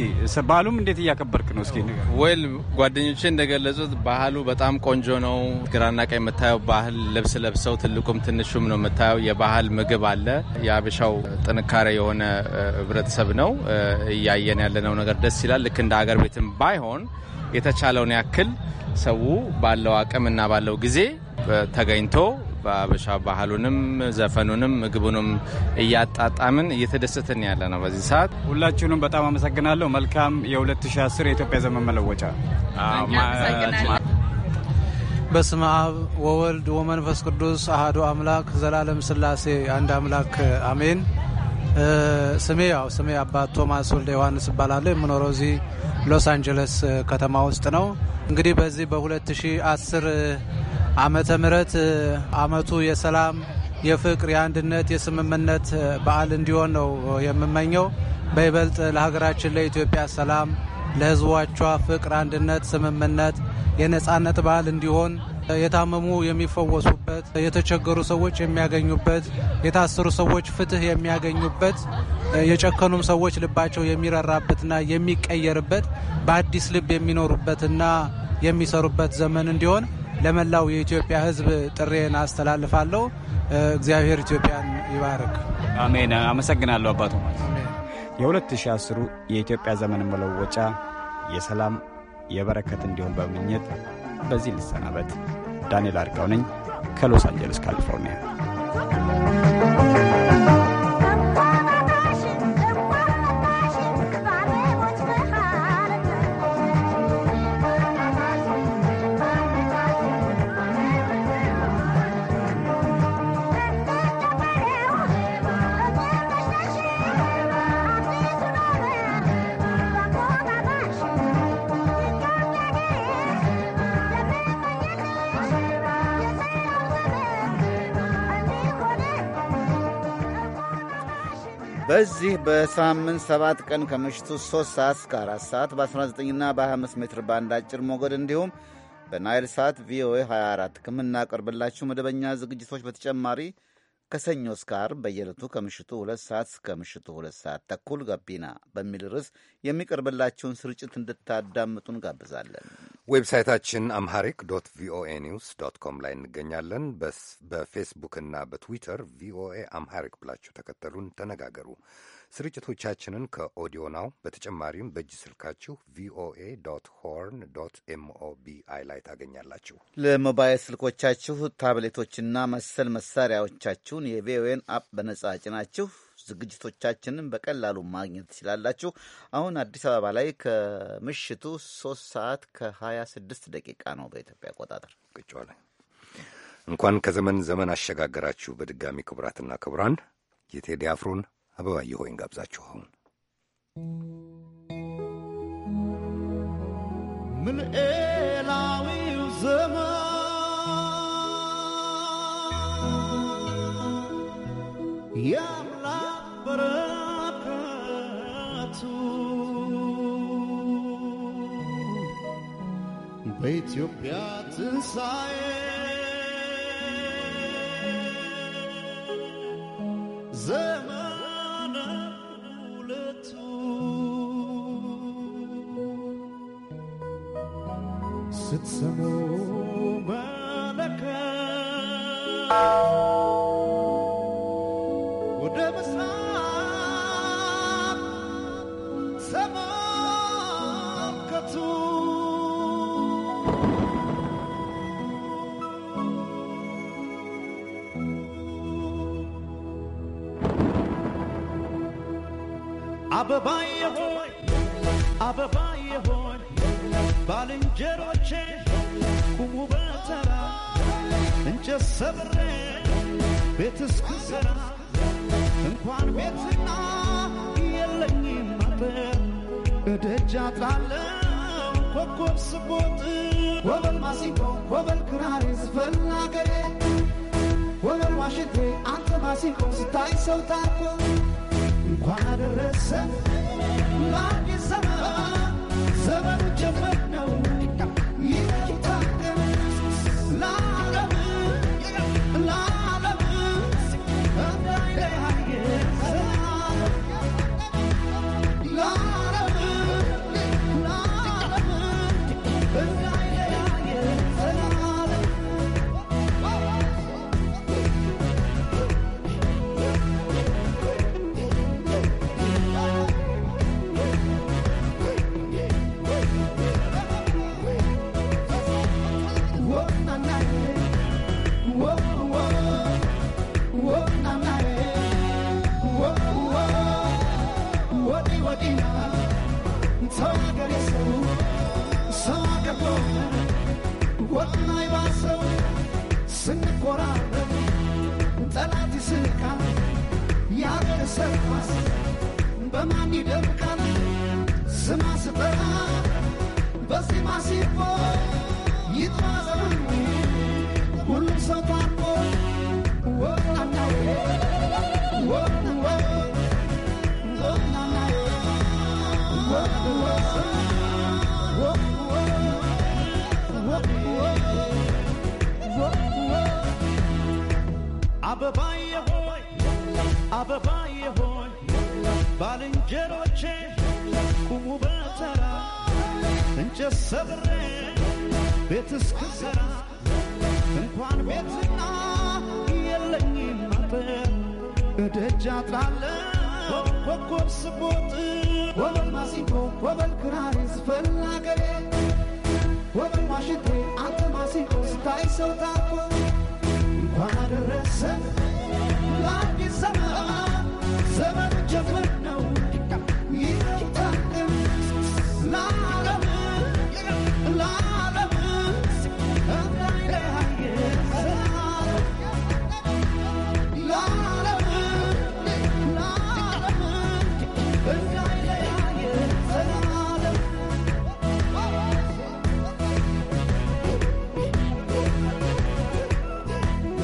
Speaker 7: በዓሉም እንዴት እያከበርክ ነው? እስኪ
Speaker 10: ወይል ጓደኞቼ እንደገለጹት ባህሉ በጣም ቆንጆ ነው። ግራና ቀኝ የምታየው ባህል ልብስ ለብሰው ትልቁም ትንሹም ነው የምታየው። የባህል ምግብ አለ። የአበሻው ጥንካሬ የሆነ ህብረተሰብ ነው እያየን ያለነው ነገር ደስ ይላል። ልክ እንደ ሀገር ቤትም ባይሆን የተቻለውን ያክል ሰው ባለው አቅም እና ባለው ጊዜ ተገኝቶ በአበሻ ባህሉንም ዘፈኑንም ምግቡንም እያጣጣምን
Speaker 7: እየተደሰትን ያለ ነው በዚህ ሰዓት። ሁላችሁንም በጣም አመሰግናለሁ። መልካም የ2010 የኢትዮጵያ ዘመን መለወጫ። በስመ አብ ወወልድ
Speaker 2: ወመንፈስ ቅዱስ አህዶ አምላክ ዘላለም ስላሴ አንድ አምላክ አሜን። ስሜ ያው ስሜ አባ ቶማስ ወልደ ዮሐንስ እባላለሁ። የምኖረው እዚህ ሎስ አንጀለስ ከተማ ውስጥ ነው። እንግዲህ በዚህ በ2010 ዓመተ ምሕረት አመቱ የሰላም፣ የፍቅር፣ የአንድነት፣ የስምምነት በዓል እንዲሆን ነው የምመኘው። በይበልጥ ለሀገራችን ለኢትዮጵያ ሰላም፣ ለሕዝቦቿ ፍቅር፣ አንድነት፣ ስምምነት፣ የነጻነት በዓል እንዲሆን የታመሙ የሚፈወሱበት፣ የተቸገሩ ሰዎች የሚያገኙበት፣ የታሰሩ ሰዎች ፍትህ የሚያገኙበት፣ የጨከኑም ሰዎች ልባቸው የሚረራበትና የሚቀየርበት፣ በአዲስ ልብ የሚኖሩበትና የሚሰሩበት ዘመን እንዲሆን ለመላው የኢትዮጵያ ሕዝብ ጥሬን አስተላልፋለሁ። እግዚአብሔር ኢትዮጵያን ይባርክ።
Speaker 7: አሜን። አመሰግናለሁ አባቶ። የ2010 የኢትዮጵያ ዘመን መለወጫ የሰላም የበረከት እንዲሆን በምኘት በዚህ ልሰናበት። ዳንኤል አርጋው ነኝ ከሎስ አንጀለስ ካሊፎርኒያ።
Speaker 2: በዚህ በሳምንት ሰባት ቀን ከምሽቱ 3 ሰዓት እስከ 4 ሰዓት በ19ና በ25 ሜትር ባንድ አጭር ሞገድ እንዲሁም በናይል ሳት ቪኦኤ 24 ከምናቀርብላችሁ መደበኛ ዝግጅቶች በተጨማሪ ከሰኞ እስከ ዓርብ በየዕለቱ ከምሽቱ ሁለት ሰዓት እስከ ምሽቱ ሁለት ሰዓት ተኩል ጋቢና በሚል ርዕስ የሚቀርብላችሁን ስርጭት እንድታዳምጡን ጋብዛለን።
Speaker 1: ዌብሳይታችን አምሃሪክ ዶት ቪኦኤ ኒውስ ዶት ኮም ላይ እንገኛለን። በፌስቡክና በትዊተር ቪኦኤ አምሃሪክ ብላችሁ ተከተሉን፣ ተነጋገሩ። ስርጭቶቻችንን ከኦዲዮ ናው በተጨማሪም በእጅ ስልካችሁ ቪኦኤ ዶት ሆርን ዶት ኤምኦቢአይ ላይ ታገኛላችሁ።
Speaker 2: ለሞባይል ስልኮቻችሁ፣ ታብሌቶችና መሰል መሳሪያዎቻችሁን የቪኦኤን አፕ በነጻ ጭናችሁ ዝግጅቶቻችንን በቀላሉ ማግኘት ትችላላችሁ። አሁን አዲስ አበባ ላይ ከምሽቱ ሶስት ሰዓት ከሀያ ስድስት ደቂቃ ነው በኢትዮጵያ አቆጣጠር።
Speaker 1: እንኳን ከዘመን ዘመን አሸጋገራችሁ። በድጋሚ ክቡራትና ክቡራን የቴዲ አፍሮን አበባየ ሆይን ጋብዛችሁ አሁን
Speaker 3: ምልኤላዊው ዘመን የአምላክ በረከቱ በኢትዮጵያ ትንሣኤ ደጀ ሰብሬ ቤት እስክሰራ እንኳን ቤትና የለኝም አጥር እደጃ ጣለው ኮኮብ ስቦጥ ወበል ማሲንቆ ወበል ክራሬ ዝፈላ ወበል ዋሽቴ አንተ ማሲንቆ ስታይ ሰው ታርኮ እንኳን አደረሰ ዘመን ዘመኑ ጀመረ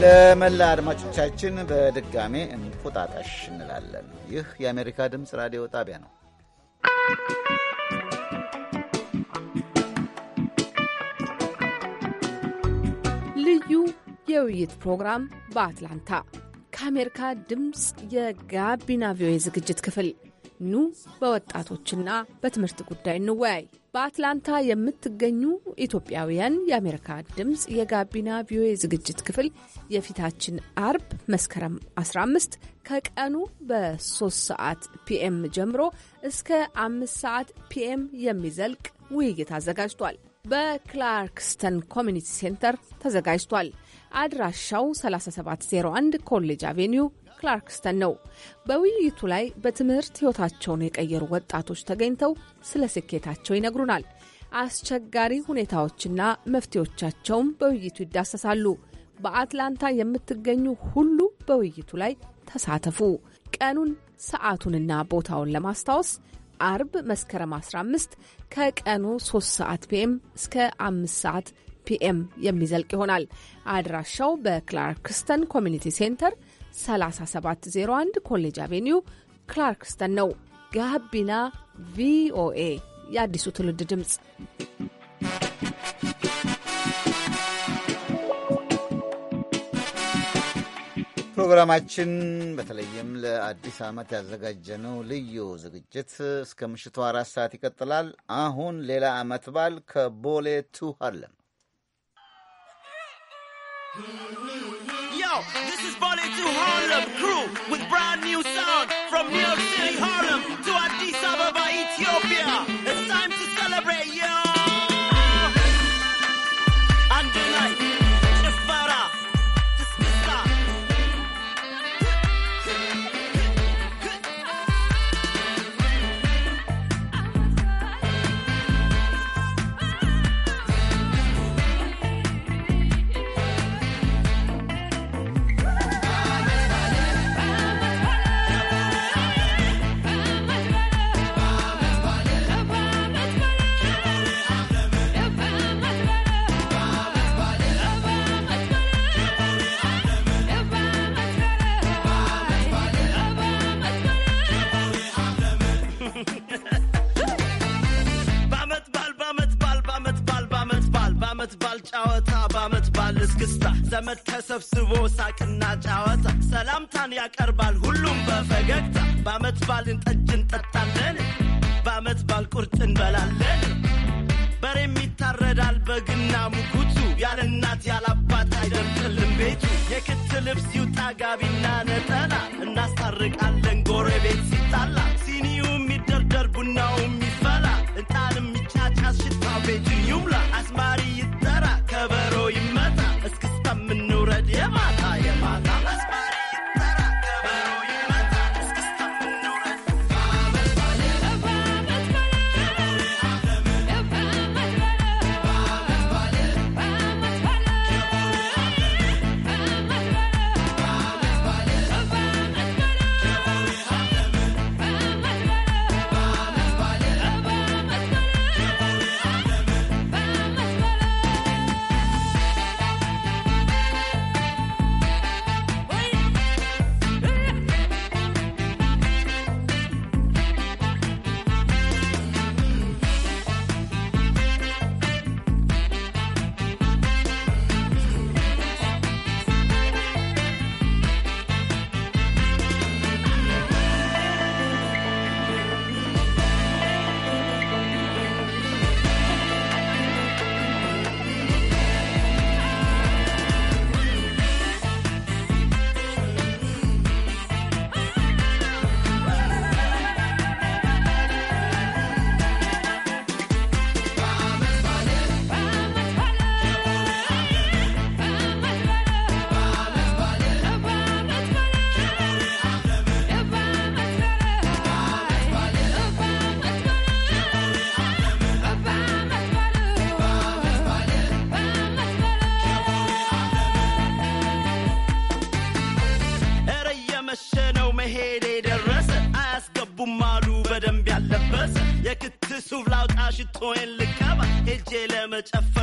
Speaker 2: ለመላ አድማጮቻችን በድጋሜ እንቁጣጣሽ እንላለን። ይህ የአሜሪካ ድምፅ ራዲዮ ጣቢያ ነው።
Speaker 11: ልዩ የውይይት ፕሮግራም በአትላንታ ከአሜሪካ ድምፅ የጋቢና ቪኦኤ ዝግጅት ክፍል ኑ በወጣቶችና በትምህርት ጉዳይ እንወያይ። በአትላንታ የምትገኙ ኢትዮጵያውያን የአሜሪካ ድምፅ የጋቢና ቪኦኤ ዝግጅት ክፍል የፊታችን አርብ መስከረም 15 ከቀኑ በ3 ሰዓት ፒኤም ጀምሮ እስከ 5 ሰዓት ፒኤም የሚዘልቅ ውይይት አዘጋጅቷል። በክላርክስተን ኮሚኒቲ ሴንተር ተዘጋጅቷል። አድራሻው 3701 ኮሌጅ አቬኒው ክላርክስተን ነው። በውይይቱ ላይ በትምህርት ሕይወታቸውን የቀየሩ ወጣቶች ተገኝተው ስለ ስኬታቸው ይነግሩናል። አስቸጋሪ ሁኔታዎችና መፍትሄዎቻቸውም በውይይቱ ይዳሰሳሉ። በአትላንታ የምትገኙ ሁሉ በውይይቱ ላይ ተሳተፉ። ቀኑን ሰዓቱንና ቦታውን ለማስታወስ አርብ መስከረም 15 ከቀኑ 3 ሰዓት ፒኤም እስከ 5 ሰዓት ፒኤም የሚዘልቅ ይሆናል። አድራሻው በክላርክስተን ኮሚኒቲ ሴንተር 3701 ኮሌጅ አቬኒው ክላርክስተን ነው። ጋቢና ቪኦኤ የአዲሱ ትውልድ ድምፅ።
Speaker 2: ፕሮግራማችን በተለይም ለአዲስ ዓመት ያዘጋጀነው ልዩ ዝግጅት እስከ ምሽቱ አራት ሰዓት ይቀጥላል። አሁን ሌላ ዓመት በዓል ከቦሌ ቱ ሃርለም
Speaker 12: Yo, this is Bonnie to Harlem Crew. መጨፈር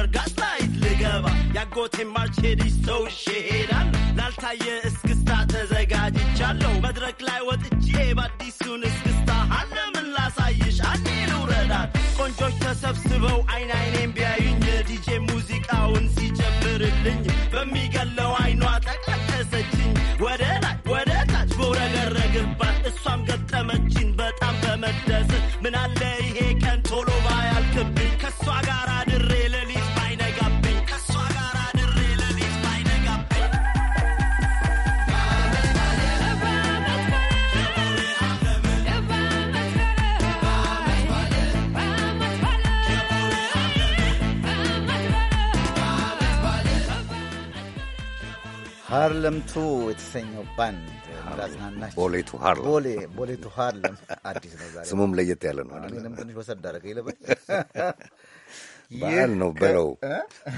Speaker 2: ሃርለም ቱ የተሰኘው ባንድ ራስናናቸው ቦሌ ቱ ሃርለም ቦሌ ቦሌ ቱ ሃርለም አዲስ ነው። ዛሬ ስሙም ለየት ያለ ነው። እኔንም ትንሽ ወሰድ አደረገ ይለበል
Speaker 13: (laughs)
Speaker 2: በዓል ነው በለው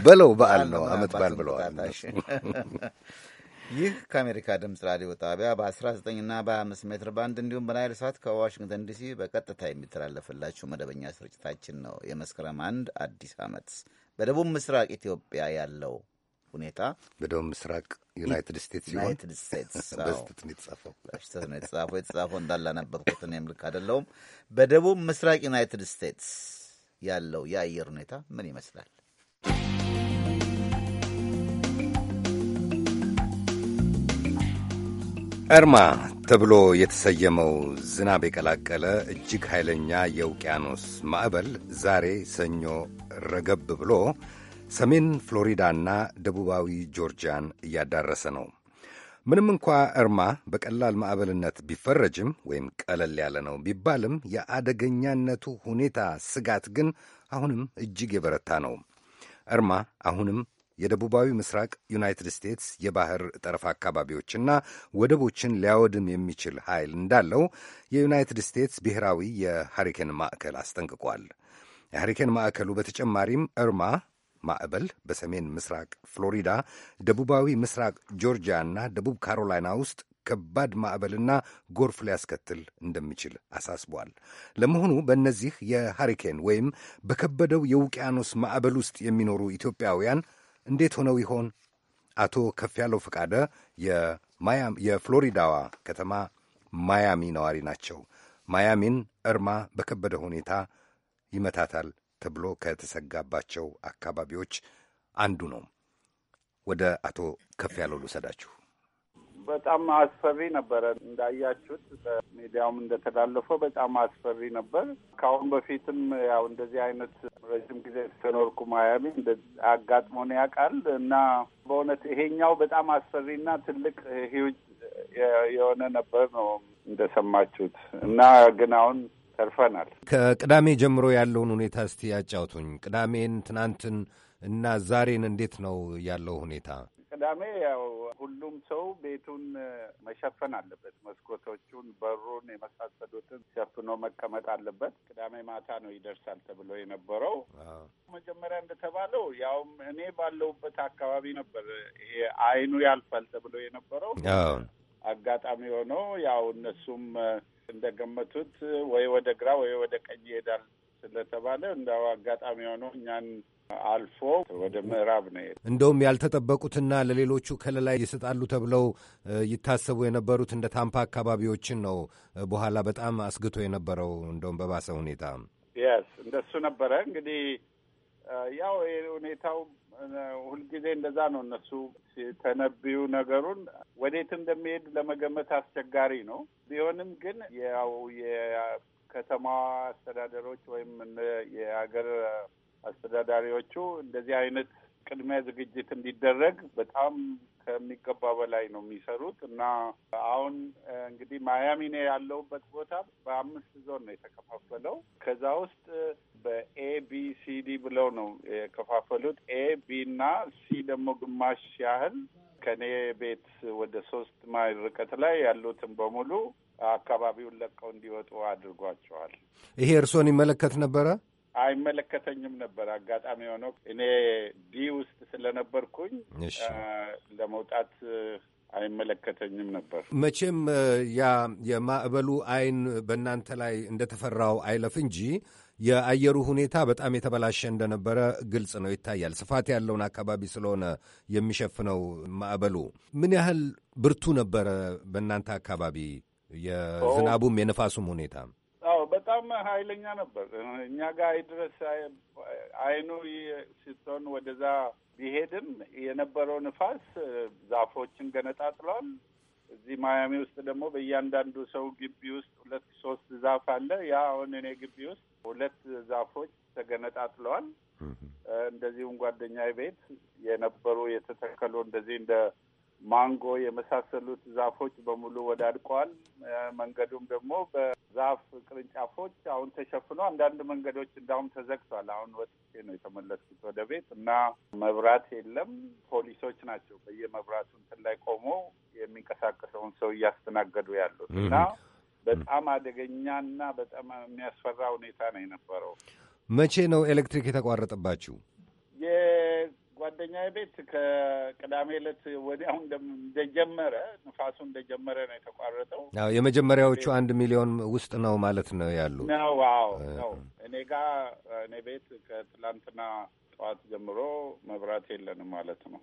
Speaker 2: በለው በዓል ነው አመት በዓል ብለዋል። (laughs) ይህ ከአሜሪካ ድምፅ ራዲዮ ጣቢያ በ19 እና በ25 ሜትር ባንድ እንዲሁም በናይል ሰዓት ከዋሽንግተን ዲሲ በቀጥታ የሚተላለፍላችሁ መደበኛ ስርጭታችን ነው። የመስከረም አንድ አዲስ አመት በደቡብ ምስራቅ ኢትዮጵያ ያለው ሁኔታ በደቡብ ምስራቅ ዩናይትድ ስቴትስ ዩናይትድ ስቴትስ በስተት ነው የተጻፈው በስተት ነው የተጻፈው የተጻፈው እንዳላነበብኩት እኔም ልክ አይደለሁም። በደቡብ ምስራቅ ዩናይትድ ስቴትስ ያለው የአየር ሁኔታ ምን ይመስላል?
Speaker 1: እርማ ተብሎ የተሰየመው ዝናብ የቀላቀለ እጅግ ኃይለኛ የውቅያኖስ ማዕበል ዛሬ ሰኞ ረገብ ብሎ ሰሜን ፍሎሪዳና ደቡባዊ ጆርጂያን እያዳረሰ ነው። ምንም እንኳ እርማ በቀላል ማዕበልነት ቢፈረጅም ወይም ቀለል ያለ ነው ቢባልም የአደገኛነቱ ሁኔታ ስጋት ግን አሁንም እጅግ የበረታ ነው። እርማ አሁንም የደቡባዊ ምስራቅ ዩናይትድ ስቴትስ የባህር ጠረፍ አካባቢዎችና ወደቦችን ሊያወድም የሚችል ኃይል እንዳለው የዩናይትድ ስቴትስ ብሔራዊ የሐሪኬን ማዕከል አስጠንቅቋል። የሐሪኬን ማዕከሉ በተጨማሪም እርማ ማዕበል በሰሜን ምስራቅ ፍሎሪዳ፣ ደቡባዊ ምስራቅ ጆርጂያ እና ደቡብ ካሮላይና ውስጥ ከባድ ማዕበልና ጎርፍ ሊያስከትል እንደሚችል አሳስቧል። ለመሆኑ በእነዚህ የሃሪኬን ወይም በከበደው የውቅያኖስ ማዕበል ውስጥ የሚኖሩ ኢትዮጵያውያን እንዴት ሆነው ይሆን? አቶ ከፍ ያለው ፈቃደ የፍሎሪዳዋ ከተማ ማያሚ ነዋሪ ናቸው። ማያሚን እርማ በከበደ ሁኔታ ይመታታል ተብሎ ከተሰጋባቸው አካባቢዎች አንዱ ነው። ወደ አቶ ከፍ ያለው ልውሰዳችሁ።
Speaker 6: በጣም አስፈሪ ነበረ። እንዳያችሁት በሚዲያውም እንደተላለፈው በጣም አስፈሪ ነበር። ከአሁን በፊትም ያው እንደዚህ አይነት ረዥም ጊዜ ተኖርኩ ማያሚ አጋጥሞን ያውቃል እና በእውነት ይሄኛው በጣም አስፈሪና ትልቅ ሂውጅ የሆነ ነበር ነው እንደሰማችሁት እና ግን አሁን ተርፈናል።
Speaker 1: ከቅዳሜ ጀምሮ ያለውን ሁኔታ እስቲ ያጫውቱኝ። ቅዳሜን፣ ትናንትን እና ዛሬን እንዴት ነው ያለው ሁኔታ?
Speaker 6: ቅዳሜ ያው ሁሉም ሰው ቤቱን መሸፈን አለበት። መስኮቶቹን፣ በሩን የመሳሰሉትን ሸፍኖ መቀመጥ አለበት። ቅዳሜ ማታ ነው ይደርሳል ተብሎ የነበረው መጀመሪያ እንደተባለው ያውም እኔ ባለውበት አካባቢ ነበር ይሄ አይኑ ያልፋል ተብሎ የነበረው አጋጣሚ ሆኖ ያው እነሱም እንደገመቱት ወይ ወደ ግራ ወይ ወደ ቀኝ ይሄዳል ስለተባለ እንደ አጋጣሚ ሆኖ እኛን አልፎ ወደ ምዕራብ ነው ሄደ።
Speaker 1: እንደውም ያልተጠበቁትና ለሌሎቹ ከለላ ይሰጣሉ ተብለው ይታሰቡ የነበሩት እንደ ታምፓ አካባቢዎችን ነው በኋላ በጣም አስግቶ የነበረው እንደውም በባሰ ሁኔታ
Speaker 6: የስ እንደሱ ነበረ እንግዲህ ያው ሁኔታው ሁልጊዜ እንደዛ ነው። እነሱ ሲተነብዩ ነገሩን ወዴት እንደሚሄድ ለመገመት አስቸጋሪ ነው። ቢሆንም ግን ያው የከተማ አስተዳደሮች ወይም የሀገር አስተዳዳሪዎቹ እንደዚህ አይነት ቅድሚያ ዝግጅት እንዲደረግ በጣም ከሚገባ በላይ ነው የሚሰሩት እና አሁን እንግዲህ ማያሚ ነው ያለውበት ቦታ በአምስት ዞን ነው የተከፋፈለው። ከዛ ውስጥ በኤ ቢ ሲ ዲ ብለው ነው የከፋፈሉት። ኤ ቢ እና ሲ ደግሞ ግማሽ ያህል ከኔ ቤት ወደ ሶስት ማይል ርቀት ላይ ያሉትን በሙሉ አካባቢውን ለቀው እንዲወጡ አድርጓቸዋል።
Speaker 1: ይሄ እርስዎን ይመለከት ነበረ?
Speaker 6: አይመለከተኝም ነበር። አጋጣሚ የሆነ እኔ ዲ ውስጥ ስለነበርኩኝ ለመውጣት አይመለከተኝም ነበር።
Speaker 1: መቼም ያ የማዕበሉ አይን በእናንተ ላይ እንደተፈራው አይለፍ እንጂ የአየሩ ሁኔታ በጣም የተበላሸ እንደነበረ ግልጽ ነው፣ ይታያል። ስፋት ያለውን አካባቢ ስለሆነ የሚሸፍነው ማዕበሉ ምን ያህል ብርቱ ነበረ በእናንተ አካባቢ የዝናቡም የነፋሱም ሁኔታ?
Speaker 6: በጣም ኃይለኛ ነበር። እኛ ጋር አይድረስ አይኑ ስትሆን ወደዛ ቢሄድም የነበረው ንፋስ ዛፎችን ገነጣጥሏል። እዚህ ማያሚ ውስጥ ደግሞ በእያንዳንዱ ሰው ግቢ ውስጥ ሁለት ሶስት ዛፍ አለ። ያ አሁን እኔ ግቢ ውስጥ ሁለት ዛፎች ተገነጣጥለዋል። እንደዚሁም ጓደኛ ቤት የነበሩ የተተከሉ እንደዚህ እንደ ማንጎ የመሳሰሉት ዛፎች በሙሉ ወዳድቀዋል። መንገዱም ደግሞ በዛፍ ቅርንጫፎች አሁን ተሸፍኖ አንዳንድ መንገዶች እንዳሁም ተዘግቷል። አሁን ወጥቼ ነው የተመለስኩት ወደ ቤት እና መብራት የለም። ፖሊሶች ናቸው በየመብራቱ እንትን ላይ ቆሞ የሚንቀሳቀሰውን ሰው እያስተናገዱ ያሉት እና በጣም አደገኛና በጣም የሚያስፈራ ሁኔታ ነው የነበረው።
Speaker 1: መቼ ነው ኤሌክትሪክ የተቋረጠባችሁ?
Speaker 6: ጓደኛዬ ቤት ከቅዳሜ ዕለት ወዲያው እንደጀመረ ንፋሱ እንደጀመረ ነው የተቋረጠው።
Speaker 1: አዎ የመጀመሪያዎቹ አንድ ሚሊዮን ውስጥ ነው ማለት ነው ያሉ ነው። አዎ ነው
Speaker 6: እኔ ጋ እኔ ቤት ከትላንትና ጠዋት ጀምሮ መብራት የለንም ማለት ነው።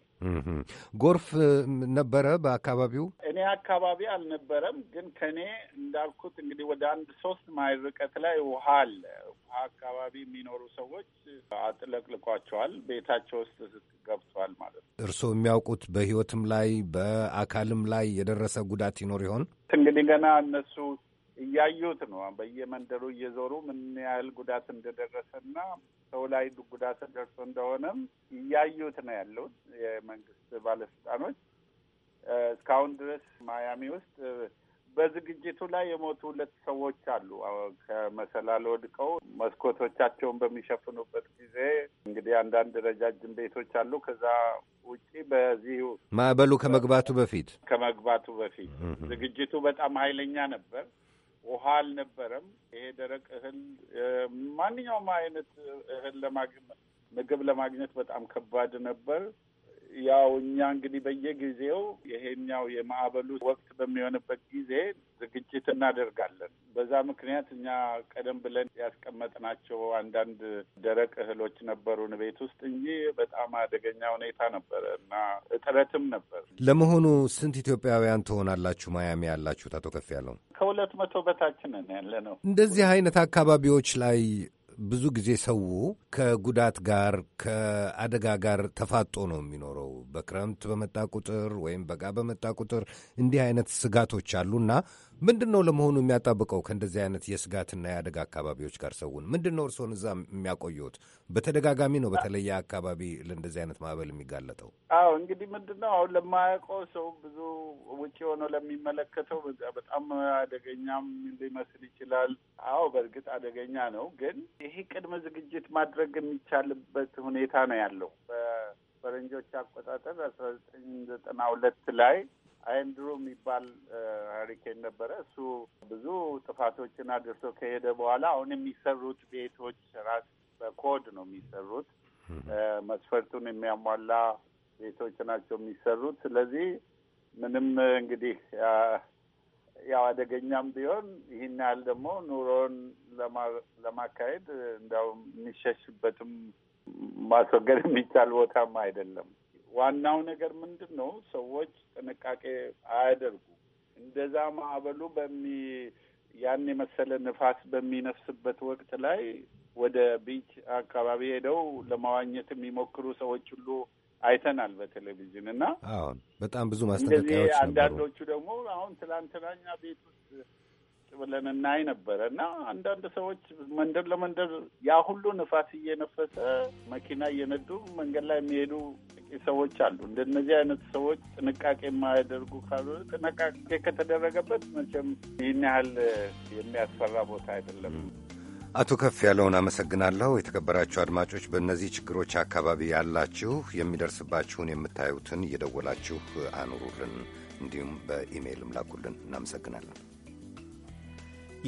Speaker 1: ጎርፍ ነበረ በአካባቢው?
Speaker 6: እኔ አካባቢ አልነበረም፣ ግን ከእኔ እንዳልኩት እንግዲህ ወደ አንድ ሶስት ማይል ርቀት ላይ ውሃ አለ። ውሃ አካባቢ የሚኖሩ ሰዎች አጥለቅልቋቸዋል፣ ቤታቸው ውስጥ ገብቷል ማለት ነው።
Speaker 1: እርስዎ የሚያውቁት በህይወትም ላይ በአካልም ላይ የደረሰ ጉዳት ይኖር ይሆን?
Speaker 6: እንግዲህ ገና እነሱ እያዩት ነው። በየመንደሩ እየዞሩ ምን ያህል ጉዳት እንደደረሰና ሰው ላይ ጉዳት ደርሶ እንደሆነም እያዩት ነው ያሉት የመንግስት ባለስልጣኖች። እስካሁን ድረስ ማያሚ ውስጥ በዝግጅቱ ላይ የሞቱ ሁለት ሰዎች አሉ። ከመሰላል ወድቀው መስኮቶቻቸውን በሚሸፍኑበት ጊዜ እንግዲህ አንዳንድ ረጃጅም ቤቶች አሉ። ከዛ ውጪ በዚህ
Speaker 1: ማዕበሉ ከመግባቱ በፊት
Speaker 6: ከመግባቱ በፊት ዝግጅቱ በጣም ኃይለኛ ነበር። ውሃ አልነበረም። ይሄ ደረቅ እህል ማንኛውም አይነት እህል ለማግኘት ምግብ ለማግኘት በጣም ከባድ ነበር። ያው እኛ እንግዲህ በየጊዜው ይሄኛው የማዕበሉ ወቅት በሚሆንበት ጊዜ ዝግጅት እናደርጋለን። በዛ ምክንያት እኛ ቀደም ብለን ያስቀመጥናቸው አንዳንድ ደረቅ እህሎች ነበሩን ቤት ውስጥ እንጂ በጣም አደገኛ ሁኔታ ነበረ እና እጥረትም ነበር።
Speaker 1: ለመሆኑ ስንት ኢትዮጵያውያን ትሆናላችሁ ማያሚ ያላችሁት? አቶ ከፍ ያለው
Speaker 6: ከሁለት መቶ በታችን ያለ
Speaker 1: ነው። እንደዚህ አይነት አካባቢዎች ላይ ብዙ ጊዜ ሰው ከጉዳት ጋር ከአደጋ ጋር ተፋጦ ነው የሚኖረው። በክረምት በመጣ ቁጥር ወይም በጋ በመጣ ቁጥር እንዲህ አይነት ስጋቶች አሉና ምንድን ነው ለመሆኑ የሚያጣብቀው ከእንደዚህ አይነት የስጋትና የአደጋ አካባቢዎች ጋር ሰውን? ምንድን ነው እርስዎን እዛ የሚያቆየት? በተደጋጋሚ ነው በተለየ አካባቢ ለእንደዚህ አይነት ማዕበል የሚጋለጠው?
Speaker 6: አዎ እንግዲህ ምንድን ነው አሁን ለማያውቀው ሰው ብዙ ውጭ ሆነው ለሚመለከተው በጣም አደገኛም ሊመስል ይችላል። አዎ በእርግጥ አደገኛ ነው፣ ግን ይሄ ቅድመ ዝግጅት ማድረግ የሚቻልበት ሁኔታ ነው ያለው። በፈረንጆች አቆጣጠር አስራ ዘጠኝ ዘጠና ሁለት ላይ አንድሮ የሚባል ሀሪኬን ነበረ። እሱ ብዙ ጥፋቶችን አድርሶ ከሄደ በኋላ አሁን የሚሰሩት ቤቶች ራስ በኮድ ነው የሚሰሩት። መስፈርቱን የሚያሟላ ቤቶች ናቸው የሚሰሩት። ስለዚህ ምንም እንግዲህ ያው አደገኛም ቢሆን ይህን ያህል ደግሞ ኑሮን ለማካሄድ እንዲያውም የሚሸሽበትም ማስወገድ የሚቻል ቦታም አይደለም። ዋናው ነገር ምንድን ነው? ሰዎች ጥንቃቄ አያደርጉ እንደዛ ማዕበሉ በሚ ያን የመሰለ ንፋስ በሚነፍስበት ወቅት ላይ ወደ ቢች አካባቢ ሄደው ለመዋኘት የሚሞክሩ ሰዎች ሁሉ አይተናል በቴሌቪዥን እና አሁን
Speaker 1: በጣም ብዙ ማስጠንቀቂያዎች አንዳንዶቹ
Speaker 6: ደግሞ አሁን ትላንትናኛ ቤት ውስጥ ብለን እናይ ነበረ እና አንዳንድ ሰዎች መንደር ለመንደር ያ ሁሉ ንፋስ እየነፈሰ መኪና እየነዱ መንገድ ላይ የሚሄዱ ሰዎች አሉ። እንደነዚህ አይነት ሰዎች ጥንቃቄ የማያደርጉ ካሉ ጥንቃቄ ከተደረገበት መቼም ይህን ያህል የሚያስፈራ ቦታ አይደለም።
Speaker 1: አቶ ከፍ ያለውን አመሰግናለሁ። የተከበራችሁ አድማጮች በእነዚህ ችግሮች አካባቢ ያላችሁ የሚደርስባችሁን የምታዩትን እየደወላችሁ አኑሩልን፣ እንዲሁም በኢሜይልም ላኩልን። እናመሰግናለን።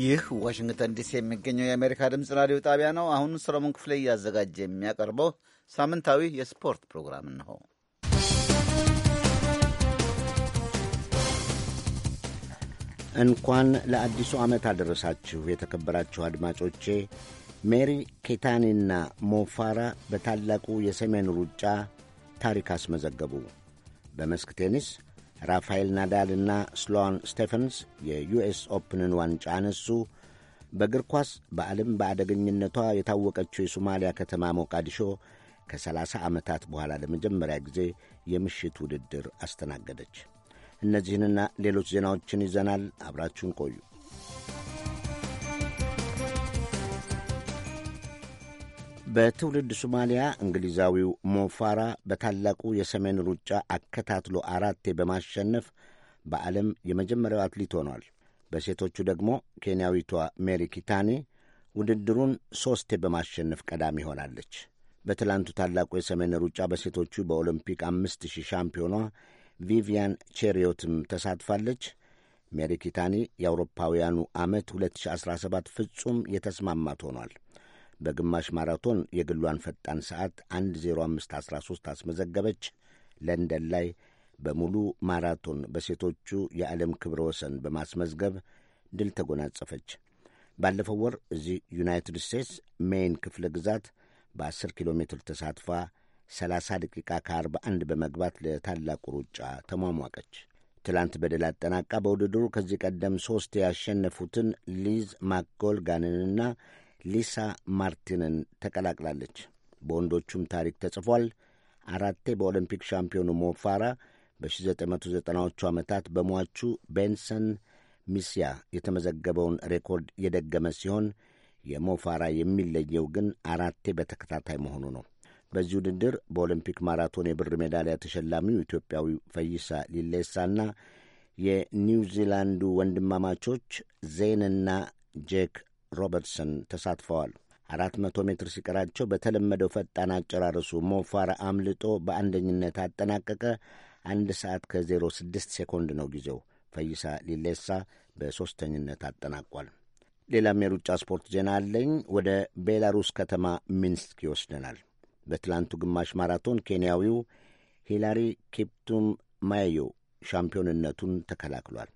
Speaker 2: ይህ ዋሽንግተን ዲሲ የሚገኘው የአሜሪካ ድምፅ ራዲዮ ጣቢያ ነው። አሁን ሰሎሞን ክፍሌ እያዘጋጀ የሚያቀርበው ሳምንታዊ የስፖርት ፕሮግራም እንሆ።
Speaker 14: እንኳን ለአዲሱ ዓመት አደረሳችሁ የተከበራችሁ አድማጮቼ። ሜሪ ኬታኒና ሞፋራ በታላቁ የሰሜን ሩጫ ታሪክ አስመዘገቡ። በመስክ ቴኒስ ራፋኤል ናዳል እና ስሎን ስቴፈንስ የዩኤስ ኦፕንን ዋንጫ አነሱ። በእግር ኳስ በዓለም በአደገኝነቷ የታወቀችው የሶማሊያ ከተማ ሞቃዲሾ ከ30 ዓመታት በኋላ ለመጀመሪያ ጊዜ የምሽት ውድድር አስተናገደች። እነዚህንና ሌሎች ዜናዎችን ይዘናል። አብራችሁን ቆዩ። በትውልድ ሶማሊያ እንግሊዛዊው ሞፋራ በታላቁ የሰሜን ሩጫ አከታትሎ አራቴ በማሸነፍ በዓለም የመጀመሪያው አትሌት ሆኗል። በሴቶቹ ደግሞ ኬንያዊቷ ሜሪ ኪታኔ ውድድሩን ሦስቴ በማሸነፍ ቀዳሚ ሆናለች። በትላንቱ ታላቁ የሰሜን ሩጫ በሴቶቹ በኦሎምፒክ አምስት ሺህ ሻምፒዮኗ ቪቪያን ቼሪዮትም ተሳትፋለች። ሜሪኪታኒ የአውሮፓውያኑ ዓመት 2017 ፍጹም የተስማማት ሆኗል። በግማሽ ማራቶን የግሏን ፈጣን ሰዓት 1:05:13 አስመዘገበች። ለንደን ላይ በሙሉ ማራቶን በሴቶቹ የዓለም ክብረ ወሰን በማስመዝገብ ድል ተጎናጸፈች። ባለፈው ወር እዚህ ዩናይትድ ስቴትስ ሜይን ክፍለ ግዛት በ10 ኪሎ ሜትር ተሳትፋ 30 ደቂቃ ከ41 በመግባት ለታላቁ ሩጫ ተሟሟቀች። ትላንት በድል አጠናቃ በውድድሩ ከዚህ ቀደም ሦስት ያሸነፉትን ሊዝ ማክጎልጋንንና ሊሳ ማርቲንን ተቀላቅላለች። በወንዶቹም ታሪክ ተጽፏል። አራቴ በኦሎምፒክ ሻምፒዮኑ ሞፋራ በ1990ዎቹ ዓመታት በሟቹ ቤንሰን ሚስያ የተመዘገበውን ሬኮርድ የደገመ ሲሆን የሞፋራ የሚለየው ግን አራቴ በተከታታይ መሆኑ ነው። በዚህ ውድድር በኦሎምፒክ ማራቶን የብር ሜዳሊያ ተሸላሚው ኢትዮጵያዊ ፈይሳ ሊሌሳና የኒውዚላንዱ ወንድማማቾች ዜንና ጄክ ሮበርትሰን ተሳትፈዋል። አራት መቶ ሜትር ሲቀራቸው በተለመደው ፈጣን አጨራረሱ ሞፋራ አምልጦ በአንደኝነት አጠናቀቀ። አንድ ሰዓት ከዜሮ ስድስት ሴኮንድ ነው ጊዜው። ፈይሳ ሊሌሳ በሦስተኝነት አጠናቋል። ሌላም የሩጫ ስፖርት ዜና አለኝ። ወደ ቤላሩስ ከተማ ሚንስክ ይወስደናል። በትላንቱ ግማሽ ማራቶን ኬንያዊው ሂላሪ ኪፕቱም ማዮ ሻምፒዮንነቱን ተከላክሏል።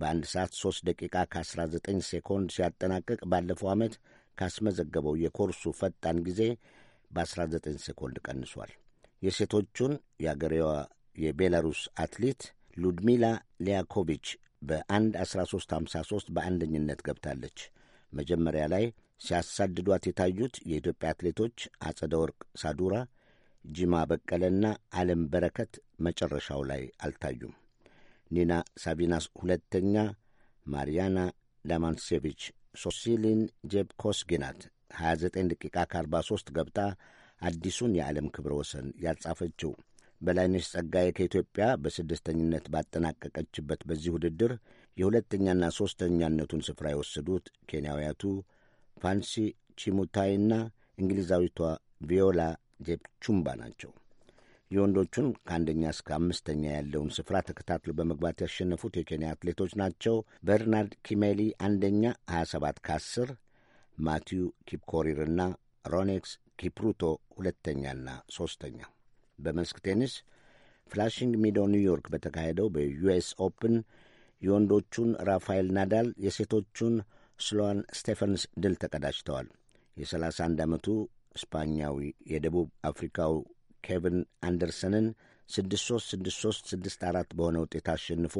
Speaker 14: በአንድ ሰዓት 3 ደቂቃ ከ19 ሴኮንድ ሲያጠናቅቅ ባለፈው ዓመት ካስመዘገበው የኮርሱ ፈጣን ጊዜ በ19 ሴኮንድ ቀንሷል። የሴቶቹን የአገሬዋ የቤላሩስ አትሌት ሉድሚላ ሊያኮቪች በ 1353 በአንደኝነት ገብታለች። መጀመሪያ ላይ ሲያሳድዷት የታዩት የኢትዮጵያ አትሌቶች አጸደ ወርቅ ሳዱራ፣ ጂማ በቀለና አለም በረከት መጨረሻው ላይ አልታዩም። ኒና ሳቪናስ ሁለተኛ፣ ማሪያና ዳማንሴቪች ሶሲሊን ጄብኮስጊ ናት 29 ደቂቃ ከ43 ገብታ አዲሱን የዓለም ክብረ ወሰን ያልጻፈችው። በላይነሽ ጸጋዬ ከኢትዮጵያ በስድስተኝነት ባጠናቀቀችበት በዚህ ውድድር የሁለተኛና ሦስተኛነቱን ስፍራ የወሰዱት ኬንያውያቱ ፋንሲ ቺሙታይና እንግሊዛዊቷ ቪዮላ ጄፕቹምባ ናቸው። የወንዶቹን ከአንደኛ እስከ አምስተኛ ያለውን ስፍራ ተከታትሎ በመግባት ያሸነፉት የኬንያ አትሌቶች ናቸው። በርናርድ ኪሜሊ አንደኛ 27 ከ10፣ ማቲዩ ኪፕኮሪርና ሮኔክስ ኪፕሩቶ ሁለተኛና ሦስተኛ በመስክ ቴኒስ ፍላሽንግ ሚዶ ኒውዮርክ በተካሄደው በዩኤስ ኦፕን የወንዶቹን ራፋኤል ናዳል የሴቶቹን ስሎዋን ስቴፈንስ ድል ተቀዳጅተዋል። የ31 ዓመቱ ስፓኛዊ የደቡብ አፍሪካው ኬቪን አንደርሰንን 6-3 በሆነ ውጤት አሸንፎ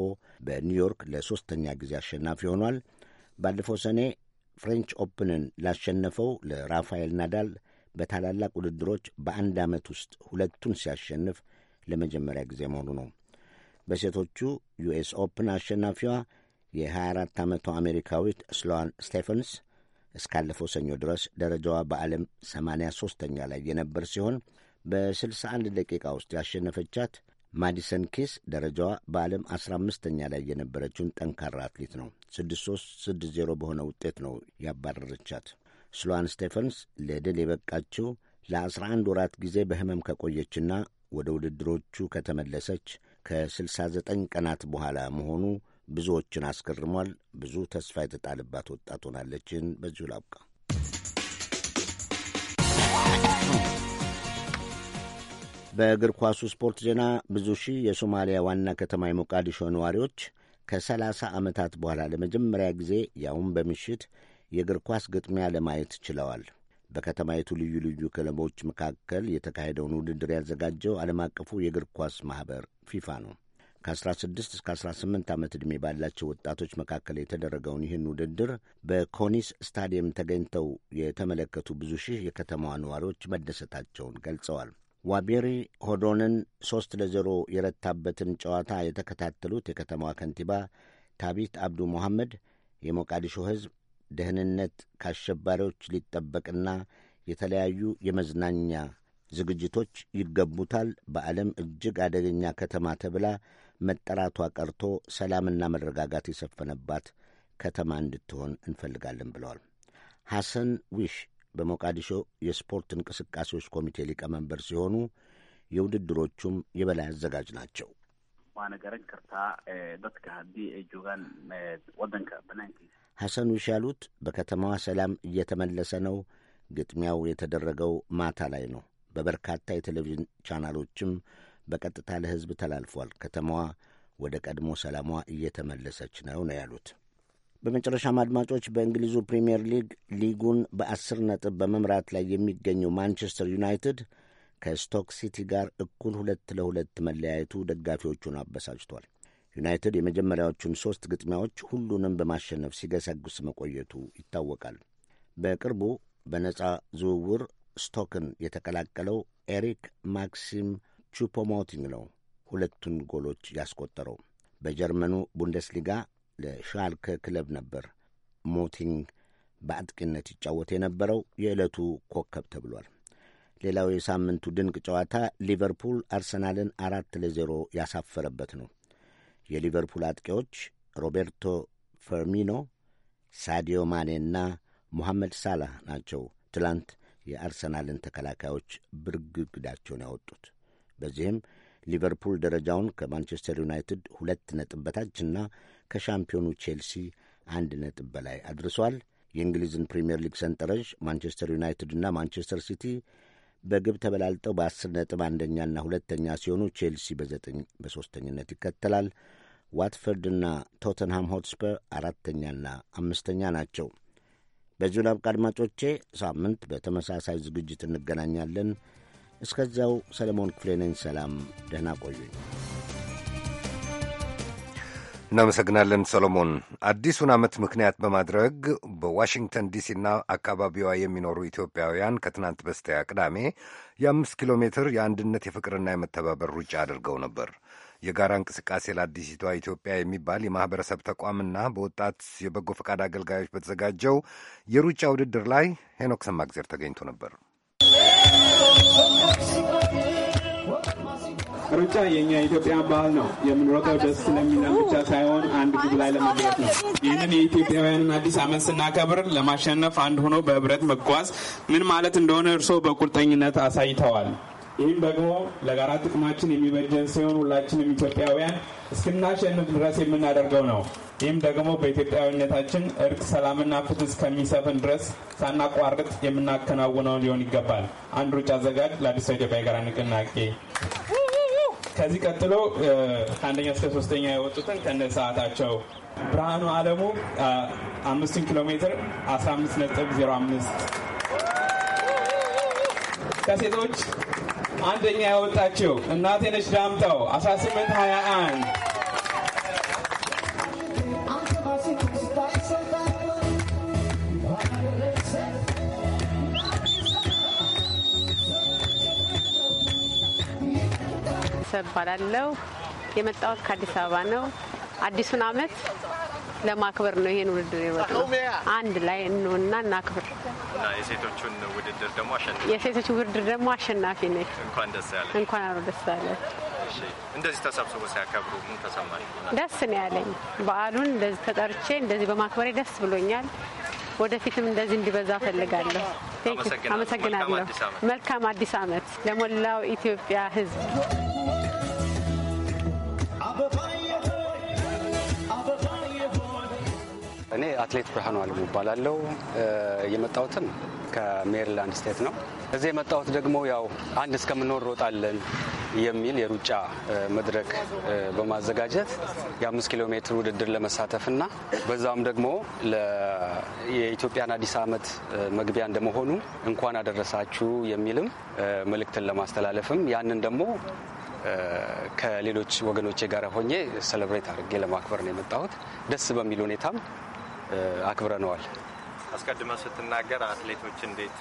Speaker 14: በኒውዮርክ ለሦስተኛ ጊዜ አሸናፊ ሆኗል። ባለፈው ሰኔ ፍሬንች ኦፕንን ላሸነፈው ለራፋኤል ናዳል በታላላቅ ውድድሮች በአንድ ዓመት ውስጥ ሁለቱን ሲያሸንፍ ለመጀመሪያ ጊዜ መሆኑ ነው። በሴቶቹ ዩኤስ ኦፕን አሸናፊዋ የ24 ዓመቷ አሜሪካዊት ስሎዋን ስቴፈንስ እስካለፈው ሰኞ ድረስ ደረጃዋ በዓለም 83ኛ ላይ የነበር ሲሆን በ61 ደቂቃ ውስጥ ያሸነፈቻት ማዲሰን ኬስ ደረጃዋ በዓለም 15ኛ ላይ የነበረችውን ጠንካራ አትሌት ነው 6360 በሆነ ውጤት ነው ያባረረቻት። ስሎአን ስቴፈንስ ለድል የበቃችው ለ11 ወራት ጊዜ በህመም ከቆየችና ወደ ውድድሮቹ ከተመለሰች ከ69 ቀናት በኋላ መሆኑ ብዙዎችን አስገርሟል። ብዙ ተስፋ የተጣለባት ወጣት ሆናለችን። በዚሁ ላብቃ። በእግር ኳሱ ስፖርት ዜና ብዙ ሺህ የሶማሊያ ዋና ከተማ የሞቃዲሾ ነዋሪዎች ከ30 ዓመታት በኋላ ለመጀመሪያ ጊዜ ያውም በምሽት የእግር ኳስ ግጥሚያ ለማየት ችለዋል። በከተማይቱ ልዩ ልዩ ክለቦች መካከል የተካሄደውን ውድድር ያዘጋጀው ዓለም አቀፉ የእግር ኳስ ማኅበር ፊፋ ነው። ከ16 እስከ 18 ዓመት ዕድሜ ባላቸው ወጣቶች መካከል የተደረገውን ይህን ውድድር በኮኒስ ስታዲየም ተገኝተው የተመለከቱ ብዙ ሺህ የከተማዋ ነዋሪዎች መደሰታቸውን ገልጸዋል። ዋቤሪ ሆዶንን ሦስት ለዜሮ የረታበትን ጨዋታ የተከታተሉት የከተማዋ ከንቲባ ታቢት አብዱ ሞሐመድ የሞቃዲሾ ሕዝብ ደህንነት ከአሸባሪዎች ሊጠበቅና የተለያዩ የመዝናኛ ዝግጅቶች ይገቡታል። በዓለም እጅግ አደገኛ ከተማ ተብላ መጠራቷ ቀርቶ ሰላምና መረጋጋት የሰፈነባት ከተማ እንድትሆን እንፈልጋለን ብለዋል። ሐሰን ዊሽ በሞቃዲሾ የስፖርት እንቅስቃሴዎች ኮሚቴ ሊቀመንበር ሲሆኑ የውድድሮቹም የበላይ አዘጋጅ ናቸው። ሐሰኑሽ ያሉት በከተማዋ ሰላም እየተመለሰ ነው። ግጥሚያው የተደረገው ማታ ላይ ነው። በበርካታ የቴሌቪዥን ቻናሎችም በቀጥታ ለሕዝብ ተላልፏል። ከተማዋ ወደ ቀድሞ ሰላሟ እየተመለሰች ነው ነው ያሉት። በመጨረሻም አድማጮች በእንግሊዙ ፕሪምየር ሊግ ሊጉን በአስር ነጥብ በመምራት ላይ የሚገኘው ማንቸስተር ዩናይትድ ከስቶክ ሲቲ ጋር እኩል ሁለት ለሁለት መለያየቱ ደጋፊዎቹን አበሳጭቷል። ዩናይትድ የመጀመሪያዎቹን ሦስት ግጥሚያዎች ሁሉንም በማሸነፍ ሲገሰግስ መቆየቱ ይታወቃል። በቅርቡ በነጻ ዝውውር ስቶክን የተቀላቀለው ኤሪክ ማክሲም ቹፖሞቲንግ ነው ሁለቱን ጎሎች ያስቆጠረው። በጀርመኑ ቡንደስሊጋ ለሻልከ ክለብ ነበር ሞቲንግ በአጥቂነት ይጫወት የነበረው የዕለቱ ኮከብ ተብሏል። ሌላው የሳምንቱ ድንቅ ጨዋታ ሊቨርፑል አርሰናልን አራት ለዜሮ ያሳፈረበት ነው። የሊቨርፑል አጥቂዎች ሮቤርቶ ፈርሚኖ፣ ሳዲዮ ማኔ እና ሞሐመድ ሳላህ ናቸው ትላንት የአርሰናልን ተከላካዮች ብርግግዳቸውን ያወጡት። በዚህም ሊቨርፑል ደረጃውን ከማንቸስተር ዩናይትድ ሁለት ነጥብ በታችና ከሻምፒዮኑ ቼልሲ አንድ ነጥብ በላይ አድርሷል። የእንግሊዝን ፕሪምየር ሊግ ሰንጠረዥ ማንቸስተር ዩናይትድ እና ማንቸስተር ሲቲ በግብ ተበላልጠው በአስር ነጥብ አንደኛና ሁለተኛ ሲሆኑ ቼልሲ በዘጠኝ በሦስተኝነት ይከተላል። ዋትፈርድና ቶተንሃም ሆትስፐር አራተኛና አምስተኛ ናቸው። በዚሁ ላብቃ አድማጮቼ። ሳምንት በተመሳሳይ ዝግጅት እንገናኛለን።
Speaker 1: እስከዚያው ሰለሞን ክፍሌ ነኝ። ሰላም፣ ደህና ቆዩኝ። እናመሰግናለን ሰሎሞን። አዲሱን ዓመት ምክንያት በማድረግ በዋሽንግተን ዲሲና አካባቢዋ የሚኖሩ ኢትዮጵያውያን ከትናንት በስቲያ ቅዳሜ የአምስት ኪሎ ሜትር የአንድነት የፍቅርና የመተባበር ሩጫ አድርገው ነበር። የጋራ እንቅስቃሴ ለአዲሲቷ ኢትዮጵያ የሚባል የማኅበረሰብ ተቋምና በወጣት የበጎ ፈቃድ አገልጋዮች በተዘጋጀው የሩጫ ውድድር ላይ ሄኖክ ሰማግዜር ተገኝቶ ነበር።
Speaker 9: ሩጫ የኛ የኢትዮጵያን ባህል ነው። የምንሮጠው ደስ ስለሚለን ብቻ ሳይሆን አንድ ግብ ላይ ለመድረስ ነው። ይህንን የኢትዮጵያውያንን አዲስ ዓመት ስናከብር ለማሸነፍ አንድ ሆኖ በህብረት መጓዝ ምን ማለት እንደሆነ እርስዎ በቁርጠኝነት አሳይተዋል። ይህም ደግሞ ለጋራ ጥቅማችን የሚበጀን ሲሆን ሁላችንም ኢትዮጵያውያን እስክናሸንፍ ድረስ የምናደርገው ነው። ይህም ደግሞ በኢትዮጵያዊነታችን እርቅ፣ ሰላምና ፍትህ እስከሚሰፍን ድረስ ሳናቋርጥ የምናከናውነው ሊሆን ይገባል። አንድ ሩጫ አዘጋጅ ለአዲስ ኢትዮጵያ የጋራ ንቅናቄ። ከዚህ ቀጥሎ ከአንደኛ እስከ ሶስተኛ የወጡትን ከነ ሰዓታቸው ብርሃኑ አለሙ አምስቱን ኪሎ ሜትር 15 ነጥብ 05 ከሴቶች አንደኛ ያወጣችው እናቴ ነች ዳምጠው 1821
Speaker 5: ሰባላለው የመጣሁት ከአዲስ አበባ ነው። አዲሱን አመት ለማክበር ነው ይሄን ውድድር የመጡ አንድ ላይ እንሆንና እናክብር።
Speaker 7: እና የሴቶቹን ውድድር ደግሞ አሸናፊ
Speaker 5: የሴቶች ውድድር ደግሞ አሸናፊ ነች።
Speaker 11: እንኳን ደስ ያለ እንኳን አብሮ ደስ ያለ።
Speaker 1: እንደዚህ ተሰብስቦ ሲያከብሩ ምን ተሰማኝ?
Speaker 5: ደስ ነው ያለኝ። በዓሉን እንደዚህ ተጠርቼ እንደዚህ በማክበሬ ደስ ብሎኛል። ወደፊትም እንደዚህ እንዲበዛ ፈልጋለሁ። አመሰግናለሁ። መልካም አዲስ ዓመት ለሞላው ኢትዮጵያ ህዝብ
Speaker 15: እኔ አትሌት ብርሃኑ አልሙ እባላለሁ። የመጣሁትም ከሜሪላንድ ስቴት ነው። እዚህ የመጣሁት ደግሞ ያው አንድ እስከምኖር ሮጣለን የሚል የሩጫ መድረክ በማዘጋጀት የአምስት ኪሎ ሜትር ውድድር ለመሳተፍና በዛም ደግሞ የኢትዮጵያን አዲስ ዓመት መግቢያ እንደመሆኑ እንኳን አደረሳችሁ የሚልም መልእክትን ለማስተላለፍም ያንን ደግሞ ከሌሎች ወገኖቼ ጋር ሆኜ ሰለብሬት አድርጌ ለማክበር ነው የመጣሁት። ደስ በሚል ሁኔታም አክብረነዋል። አስቀድመ
Speaker 7: ስትናገር አትሌቶች እንዴት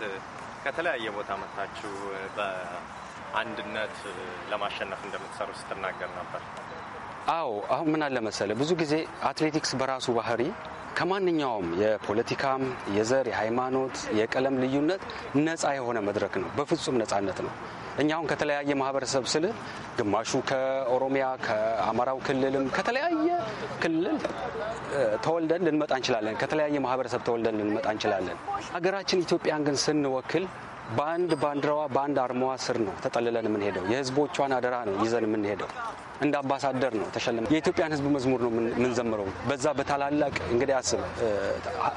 Speaker 7: ከተለያየ ቦታ መታችሁ በአንድነት ለማሸነፍ እንደምትሰሩ ስትናገር ነበር።
Speaker 15: አዎ አሁን ምን አለ መሰለ፣ ብዙ ጊዜ አትሌቲክስ በራሱ ባህሪ ከማንኛውም የፖለቲካም፣ የዘር፣ የሃይማኖት፣ የቀለም ልዩነት ነፃ የሆነ መድረክ ነው። በፍጹም ነፃነት ነው። እኛ አሁን ከተለያየ ማህበረሰብ ስል ግማሹ ከኦሮሚያ ከአማራው ክልልም ከተለያየ ክልል ተወልደን ልንመጣ እንችላለን። ከተለያየ ማህበረሰብ ተወልደን ልንመጣ እንችላለን። ሀገራችን ኢትዮጵያን ግን ስንወክል በአንድ ባንዲራዋ በአንድ አርማዋ ስር ነው ተጠልለን የምንሄደው። የህዝቦቿን አደራ ነው ይዘን የምንሄደው። እንደ አምባሳደር ነው ተሸልመ የኢትዮጵያን ህዝብ መዝሙር ነው የምንዘምረው። በዛ በታላላቅ እንግዲህ አስብ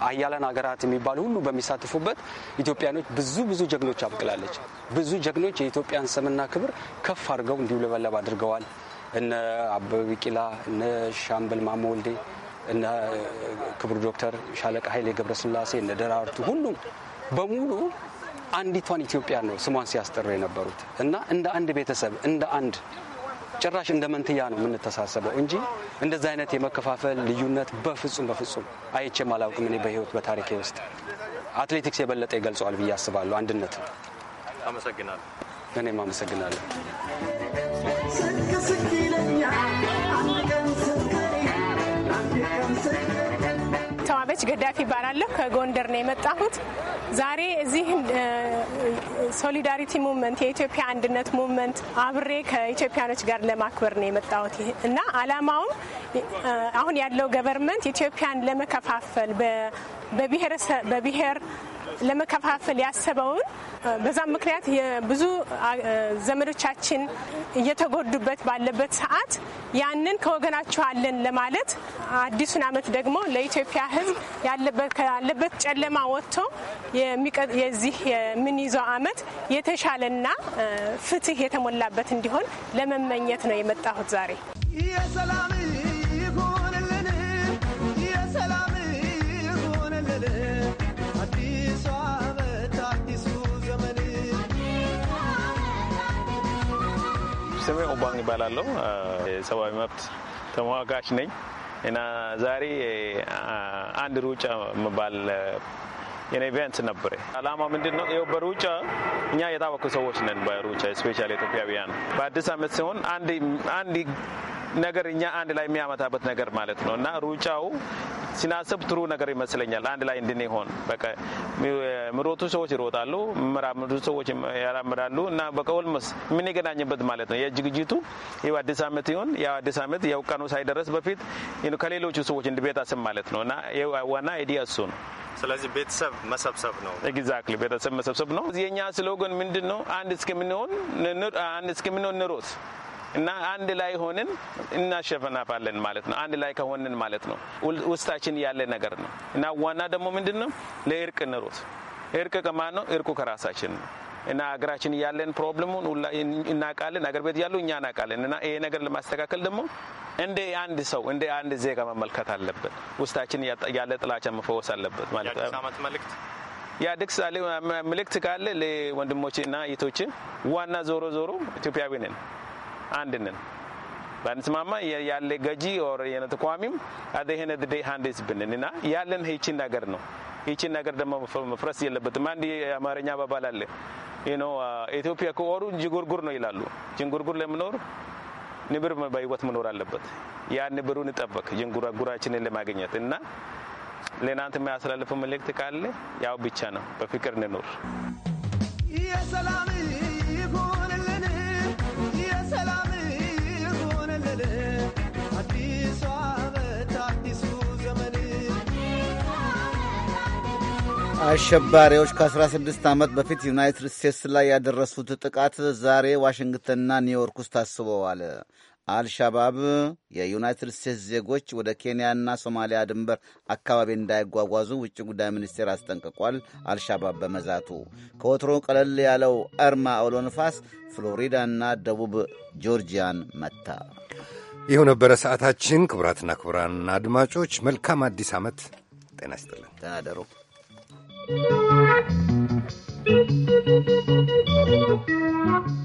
Speaker 15: አያለን ሀገራት የሚባሉ ሁሉ በሚሳተፉበት ኢትዮጵያኖች ብዙ ብዙ ጀግኖች አብቅላለች። ብዙ ጀግኖች የኢትዮጵያን ስምና ክብር ከፍ አድርገው እንዲውለበለብ አድርገዋል። እነ አበበ ቢቂላ፣ እነ ሻምበል ማሞ ወልዴ፣ እነ ክቡር ዶክተር ሻለቃ ኃይሌ ገብረስላሴ፣ እነ ደራርቱ ሁሉም በሙሉ አንዲቷን ኢትዮጵያ ነው ስሟን ሲያስጠሩ የነበሩት እና እንደ አንድ ቤተሰብ እንደ አንድ ጭራሽ እንደ መንትያ ነው የምንተሳሰበው እንጂ እንደዚ አይነት የመከፋፈል ልዩነት በፍጹም በፍጹም አይቼም አላውቅም። እኔ በህይወት በታሪኬ ውስጥ አትሌቲክስ የበለጠ ይገልጸዋል ብዬ አስባለሁ። አንድነት። አመሰግናለሁ። እኔም አመሰግናለሁ። አበበች
Speaker 7: ገዳፊ ይባላለሁ። ከጎንደር ነው የመጣሁት። ዛሬ እዚህ ሶሊዳሪቲ ሙቭመንት የኢትዮጵያ አንድነት ሙቭመንት አብሬ ከኢትዮጵያኖች ጋር ለማክበር ነው የመጣሁት እና አላማውም አሁን ያለው ገቨርንመንት ኢትዮጵያን ለመከፋፈል በብሔር ለመከፋፈል ያሰበውን በዛም ምክንያት የብዙ ዘመዶቻችን እየተጎዱበት ባለበት ሰዓት ያንን ከወገናችሁ አለን ለማለት አዲሱን ዓመት ደግሞ ለኢትዮጵያ ሕዝብ ያለበት ጨለማ ወጥቶ የዚህ የምንይዘው ዓመት የተሻለና ፍትህ የተሞላበት እንዲሆን ለመመኘት ነው የመጣሁት ዛሬ።
Speaker 10: ስሜ ኦባን ይባላለሁ። የሰብአዊ መብት ተሟጋች ነኝ እና ዛሬ አንድ ሩጫ የሚባል የኔ ኢቨንት ነበረ። አላማ ምንድን ነው? ይኸው በሩጫ እኛ የታወቁ ሰዎች ነን። በሩጫ ስፔሻል ኢትዮጵያውያን በአዲስ አመት ሲሆን አንድ ነገር እኛ አንድ ላይ የሚያመታበት ነገር ማለት ነው እና ሩጫው ሲናስብ ጥሩ ነገር ይመስለኛል። አንድ ላይ እንድንሆን በቃ ምሮቱ ሰዎች ይሮጣሉ፣ ምራምዱ ሰዎች ያራምዳሉ እና በቀወልመስ ኦልሞስ የምንገናኝበት ማለት ነው። የዝግጅቱ ይኸው አዲስ አመት ይሆን ያው አዲስ አመት ያው ሳይደረስ በፊት ከሌሎቹ ሰዎች እንድቤታስም ማለት ነው እና ዋና ኢዲያ እሱ ነው።
Speaker 1: ስለዚህ ቤተሰብ መሰብሰብ ነው።
Speaker 10: ኤግዛክትሊ ቤተሰብ መሰብሰብ ነው። የእኛ ስሎገን ምንድን ነው? አንድ እስከምንሆን አንድ እስከምንሆን ንሮት እና አንድ ላይ ሆንን እናሸፈናፋለን ማለት ነው። አንድ ላይ ከሆንን ማለት ነው ውስጣችን ያለ ነገር ነው። እና ዋና ደግሞ ምንድን ነው? ለእርቅ ንሮት። እርቅ ከማን ነው? እርቁ ከራሳችን ነው። እና ሀገራችን እያለን ፕሮብለሙን እናቃለን፣ አገር ቤት እያሉ እኛ እናቃለን። እና ይሄ ነገር ለማስተካከል ደግሞ እንደ አንድ ሰው እንደ አንድ ዜጋ መመልከት አለብን። ውስጣችን ያለ ጥላቻ መፈወስ አለበት ማለት ነው። የአዲስ ምልክት ካለ ለወንድሞቼ እና እህቶቼ ዋና ዞሮ ዞሮ ኢትዮጵያዊ ነን፣ አንድ ነን። ባንስማማ ያለ ገጂ ወር ተቋሚም አደህነ ድደ አንድ ህዝብ እና ያለን ይቺን ነገር ነው። ይቺን ነገር ደግሞ መፍረስ የለበትም። አንድ የአማርኛ አባባል አለ ኢትዮጵያ ከወሩ ጅንጉርጉር ነው ይላሉ። ጅንጉርጉር ለምኖር ንብር በህይወት መኖር አለበት። ያ ንብሩን ጠበቅ ጅንጉርጉራችንን ለማግኘት እና ለእናንተ የሚያስተላልፈ መልእክት ካለ ያው ብቻ ነው፣ በፍቅር እንኖር።
Speaker 2: አሸባሪዎች ከ16 ዓመት በፊት ዩናይትድ ስቴትስ ላይ ያደረሱት ጥቃት ዛሬ ዋሽንግተንና ኒውዮርክ ውስጥ ታስበዋል። አልሻባብ የዩናይትድ ስቴትስ ዜጎች ወደ ኬንያና ሶማሊያ ድንበር አካባቢ እንዳይጓጓዙ ውጭ ጉዳይ ሚኒስቴር አስጠንቅቋል። አልሻባብ በመዛቱ ከወትሮ ቀለል ያለው እርማ አውሎ ንፋስ
Speaker 1: ፍሎሪዳና ደቡብ ጆርጂያን መታ። ይኸው ነበረ ሰዓታችን። ክቡራትና ክቡራን አድማጮች መልካም አዲስ ዓመት። ጤና ይስጥልን። ተናደሩ
Speaker 13: Thank you.